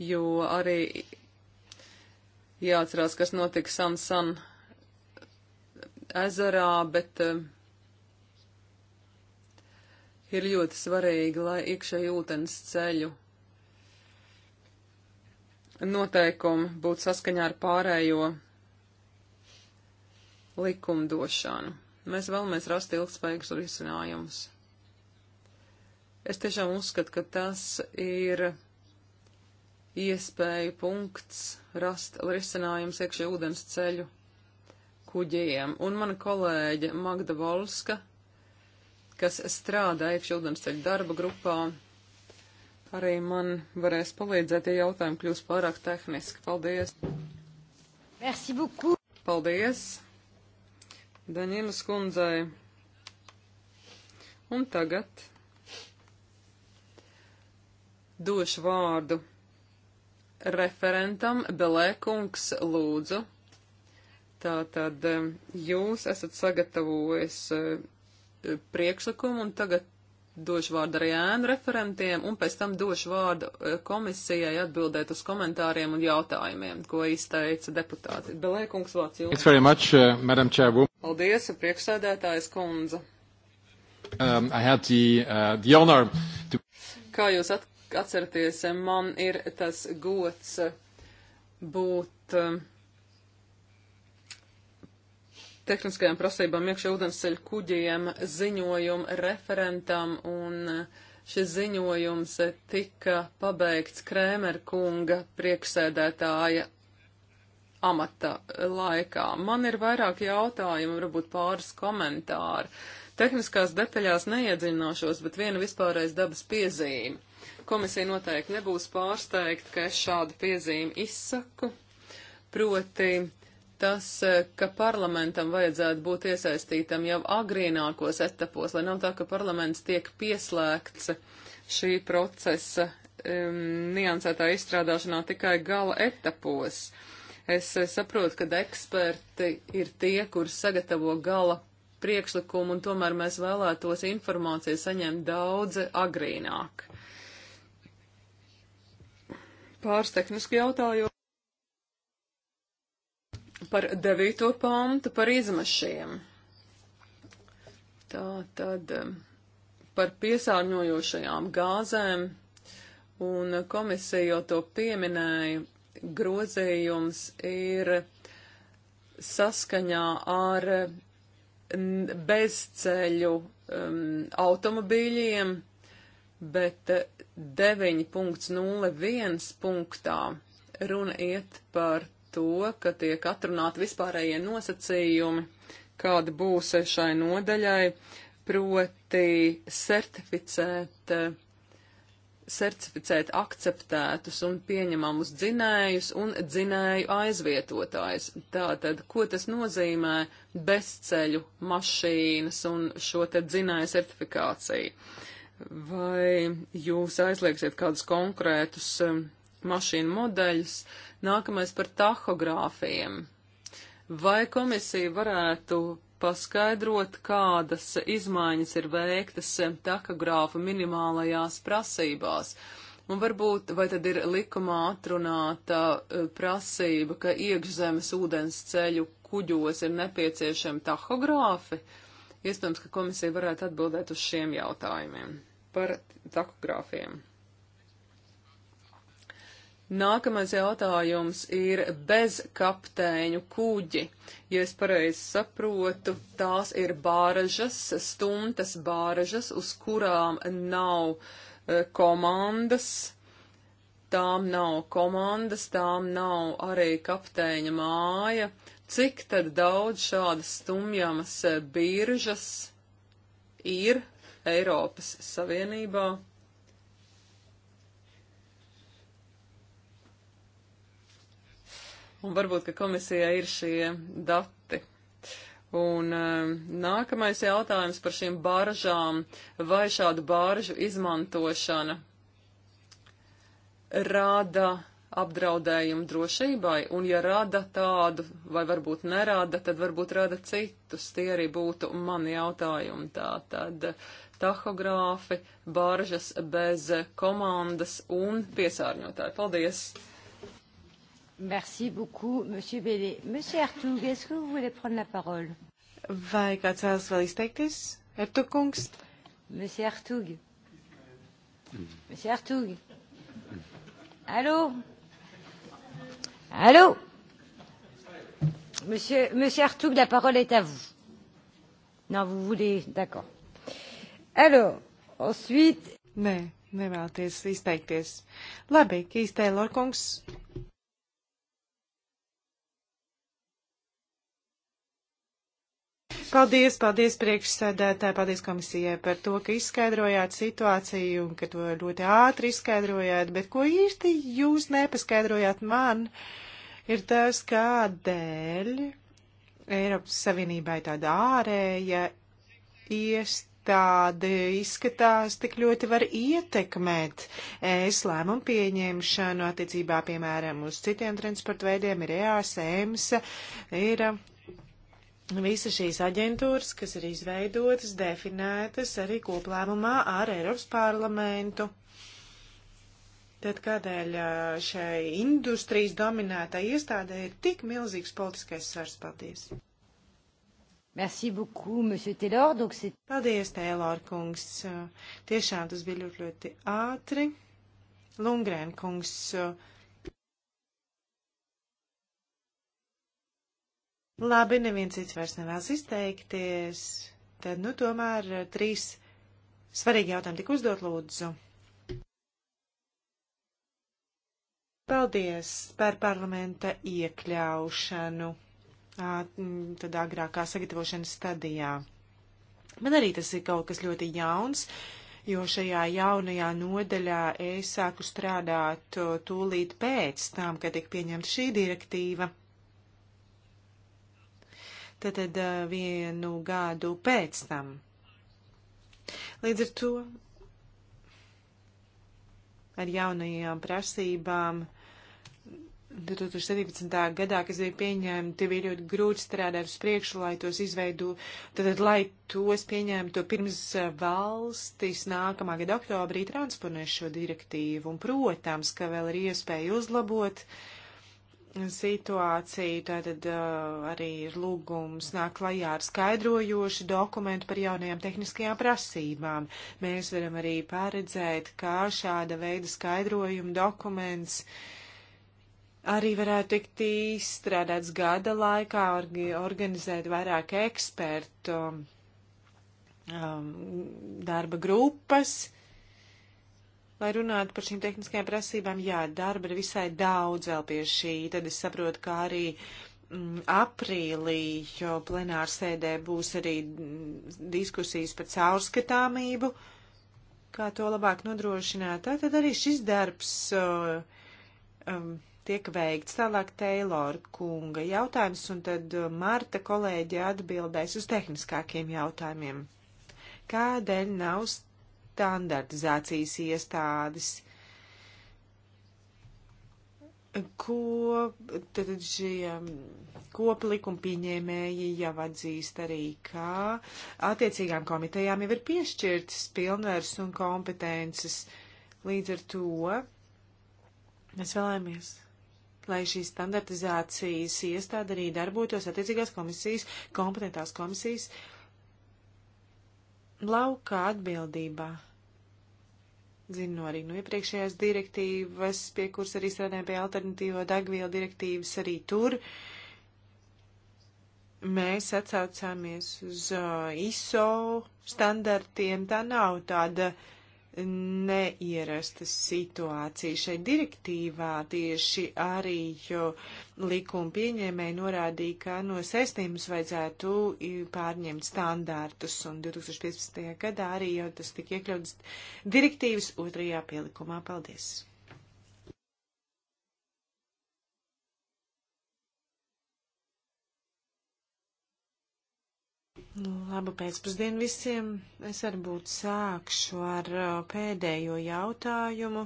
jo arī jāatcerās, kas notika San San ezerā, bet uh, ir ļoti svarīgi, lai iekšēji ūdens ceļu noteikumi būtu saskaņā ar pārējo likumdošanu. Mēs vēlamies rast ilgspējīgus risinājumus. Es tiešām uzskatu, ka tas ir iespēju punkts rast risinājums iekšē ūdens ceļu kuģiem. Un mana kolēģe Magda Volska, kas strādā iekšē ūdens ceļu darba grupā, arī man varēs palīdzēt, ja jautājumi kļūs pārāk tehniski. Paldies! Merci beaucoup! Paldies! Daņinas kundzei! Un tagad Došu vārdu referentam Belēkungs lūdzu. Tātad eh, jūs esat sagatavojis eh, priekšlikumu un tagad došu vārdu arī ēnu referentiem un pēc tam došu vārdu eh, komisijai atbildēt uz komentāriem un jautājumiem, ko izteica deputāti. Belēkungs vārds jums. Much, uh, Paldies, priekšsēdētājs kundze. Um, I had the, uh, the honor to... Kā jūs at atcerieties, man ir tas gods būt eh, tehniskajām prasībām iekšā ūdensceļa kuģiem ziņojumu referentam un eh, šis ziņojums tika pabeigts Krēmer kunga priekšsēdētāja amata laikā. Man ir vairāk jautājumu, varbūt pāris komentāru. Tehniskās detaļās neiedziļināšos, bet viena vispārreiz dabas piezīme. Komisija noteikti nebūs pārsteigta, ka es šādu piezīmi izsaku, proti tas, e, ka parlamentam vajadzētu būt iesaistītam jau agrīnākos etapos, lai nav tā, ka parlaments tiek pieslēgts šī procesa um, niansētā izstrādāšanā tikai gala etapos. Es e, saprotu, ka eksperti ir tie, kur sagatavo gala priekšlikumu, un tomēr mēs vēlētos informāciju saņemt daudz agrīnāk pāris tehniski jautājumi par devīto pantu par izmešiem. Tā tad um, par piesārņojošajām gāzēm, un komisija jau to pieminēja, grozījums ir saskaņā ar bezceļu um, automobīļiem, bet 9.01 eh, punktā runa iet par to, ka tiek atrunāti vispārējie nosacījumi, kāda būs šai nodaļai, proti certificēt, eh, certificēt akceptētus un pieņemamus dzinējus un dzinēju aizvietotājs. Tātad, ko tas nozīmē bezceļu mašīnas un šo te dzinēju certifikāciju? vai jūs aizliegsiet kādus konkrētus um, mašīnu modeļus. Nākamais par tahogrāfiem. Vai komisija varētu paskaidrot, kādas izmaiņas ir veiktas um, tahogrāfa minimālajās prasībās? Un varbūt, vai tad ir likumā atrunāta uh, prasība, ka iekšzemes ūdens ceļu kuģos ir nepieciešami tahogrāfi? Iespējams, ka komisija varētu atbildēt uz šiem jautājumiem par takogrāfiem. Nākamais jautājums ir bezkapteiņu kuģi. Ja es pareizi saprotu, tās ir bāražas, stumtas bāražas, uz kurām nav e, komandas, tām nav komandas, tām nav arī kapteiņa māja. Cik tad daudz šādas stumjamas e, biržas ir Eiropas Savienībā. Un varbūt, ka komisijai ir šie dati. Un um, nākamais jautājums par šīm bāržām. Vai šādu bāržu izmantošana rada apdraudējumu drošībai, un ja rada tādu, vai varbūt nerada, tad varbūt rada citus. Tie arī būtu mani jautājumi. Tā tad tahogrāfi, baržas bez komandas un piesārņotāji. Paldies! Merci beaucoup, monsieur Bélé. Monsieur Artung, est-ce que vous voulez prendre la parole? Vai kāds vēlas vēl izteikties? Ertug kungs? Monsieur Artung. Monsieur Artung. Allô? Allô Monsieur, Monsieur Artoug, la parole est à vous. Non, vous voulez, d'accord. Alors, ensuite. Nē, nevēlaties izteikties. Labi, Kīs Teilor kungs. Paldies, paldies priekšsēdētāji, paldies komisijai par to, ka izskaidrojāt situāciju un ka to ļoti ātri izskaidrojāt, bet ko īsti jūs nepaskaidrojāt man, ir tas, kādēļ Eiropas Savienībai tāda ārēja iestāde izskatās tik ļoti var ietekmēt es lēmumu pieņemšanu attiecībā, piemēram, uz citiem transporta veidiem, ir EAS, EMS, ir Visas šīs aģentūras, kas ir izveidotas, definētas arī koplēmumā ar Eiropas parlamentu. Tad kādēļ šai industrijas dominētai iestādē ir tik milzīgs politiskais svars? Paldies! Merci beaucoup, monsieur Taylor. Donc c'est... Paldies, Taylor kungs. Tiešām tas bija ļoti, ļoti ātri. Lungrēn kungs. Uh, Labi, neviens cits vairs nevēlas izteikties. Tad, nu, tomēr eh, trīs svarīgi jautājumi tik uzdot lūdzu. Paldies par parlamenta iekļaušanu tādā agrākā sagatavošanas stadijā. Man arī tas ir kaut kas ļoti jauns, jo šajā jaunajā nodaļā es sāku strādāt tūlīt pēc tam, kad tika pieņemta šī direktīva tātad vienu gadu pēc tam. Līdz ar to ar jaunajām prasībām 2017. gadā, kas bija pieņemti, bija ļoti grūti strādāt uz priekšu, lai tos izveidu, tad, lai tos pieņemtu pirms valstis nākamā gada oktobrī transponēs šo direktīvu. Un, protams, ka vēl ir iespēja uzlabot uh, situāciju, tātad uh, arī ir lūgums nāk klajā ar skaidrojošu dokumentu par jaunajām tehniskajām prasībām. Mēs varam arī paredzēt, kā šāda veida skaidrojuma dokuments arī varētu tikt izstrādāts gada laikā, orgi, organizēt vairāk ekspertu um, darba grupas Lai runātu par šīm tehniskajām prasībām, jā, darba ir visai daudz vēl pie šī. Tad es saprotu, kā arī mm, aprīlī, jo plenāra sēdē būs arī mm, diskusijas par caurskatāmību, kā to labāk nodrošināt. Tā tad arī šis darbs uh, um, tiek veikts. Tālāk Teilora kunga jautājums, un tad Marta kolēģi atbildēs uz tehniskākiem jautājumiem. Kādēļ nav standartizācijas iestādes, ko tad šie um, koplikuma pieņēmēji jau atzīst arī, ka attiecīgām komitejām jau ir piešķirtas pilnvaras un kompetences. Līdz ar to mēs vēlamies, lai šī standartizācijas iestāde arī darbotos attiecīgās komisijas, kompetentās komisijas uh, laukā atbildībā. Zinu arī no nu, iepriekšējās direktīvas, pie kuras arī strādājam pie alternatīvo degvielu direktīvas, arī tur mēs atsaucāmies uz uh, ISO standartiem. Tā nav tāda uh, neierasta situācija. Šai direktīvā tieši arī likuma pieņēmēji norādīja, ka no sestības vajadzētu pārņemt standārtus, un 2015. gadā arī jau tas tika iekļauts direktīvas otrajā pielikumā. Paldies! Labu pēcpusdienu visiem. Es varbūt sākšu ar uh, pēdējo jautājumu.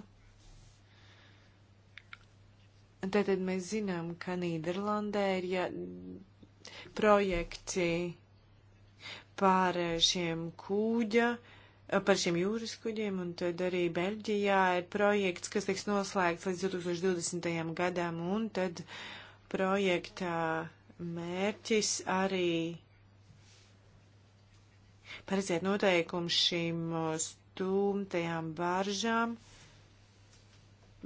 Tātad mēs zinām, ka Nīderlandē ir ja, projekti par uh, šiem kūģa, uh, par šiem jūras kuģiem, un tad arī Beļģijā ir projekts, kas tiks noslēgts līdz 2020. gadam, un tad projekta mērķis arī Paredziet noteikumu šīm stumtajām baržām.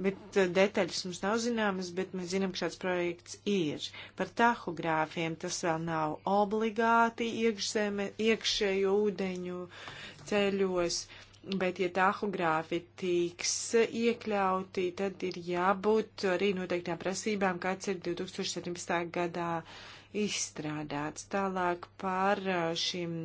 Bet e, detaļas mums nav zināmas, bet mēs zinām, ka šāds projekts ir. Par tahogrāfiem tas vēl nav obligāti iekšzeme, iekšējo ūdeņu ceļos, bet ja tahogrāfi tiks iekļauti, tad ir jābūt arī noteiktām prasībām, kāds ir 2017. gadā izstrādāts. Tālāk par e, šim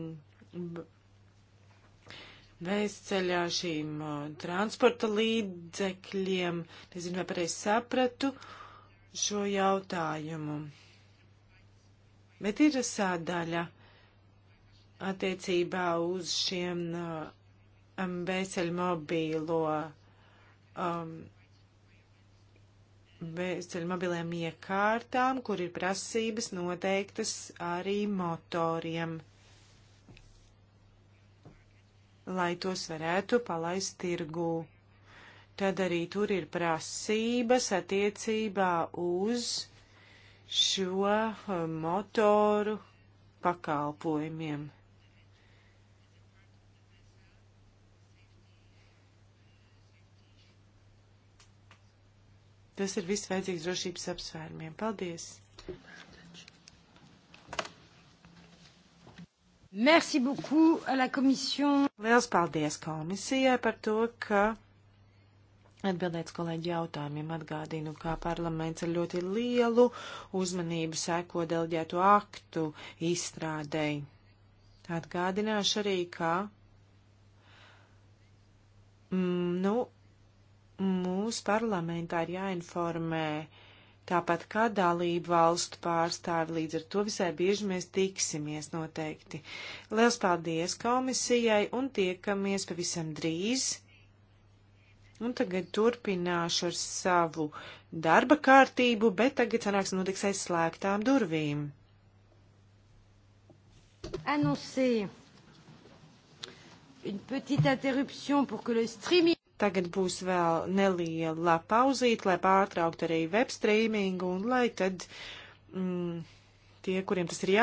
bezceļā šīm uh, transporta līdzekļiem. Nezinu, vai pareizi sapratu šo jautājumu. Bet ir sādaļa attiecībā uz šiem uh, um, bezceļmobīlo um, bezceļu mobiliem iekārtām, kur ir prasības noteiktas arī motoriem lai tos varētu palaist tirgū. Tad arī tur ir prasības attiecībā uz šo eh, motoru pakalpojumiem. Tas ir viss vajadzīgs drošības apsvērumiem. Paldies! Merci beaucoup à la komisija. Liels paldies komisijai par to, ka atbildēts kolēģi jautājumiem atgādīnu, kā parlaments ar ļoti lielu uzmanību sēko delģētu aktu izstrādēji. Atgādināšu arī, ka mm, nu, mūsu parlamentā ir jāinformē uh, tāpat kā dalību valstu pārstāvi, līdz ar to visai bieži mēs tiksimies noteikti. Liels paldies komisijai un tiekamies pavisam drīz. Un tagad turpināšu ar savu darba kārtību, bet tagad sanāks notiks aiz slēgtām durvīm. Annoncer une petite interruption pour que le streaming Tagad būs vēl neliela pauzīt, lai pārtrauktu arī web streamingu un lai tad mm, tie, kuriem tas ir jā.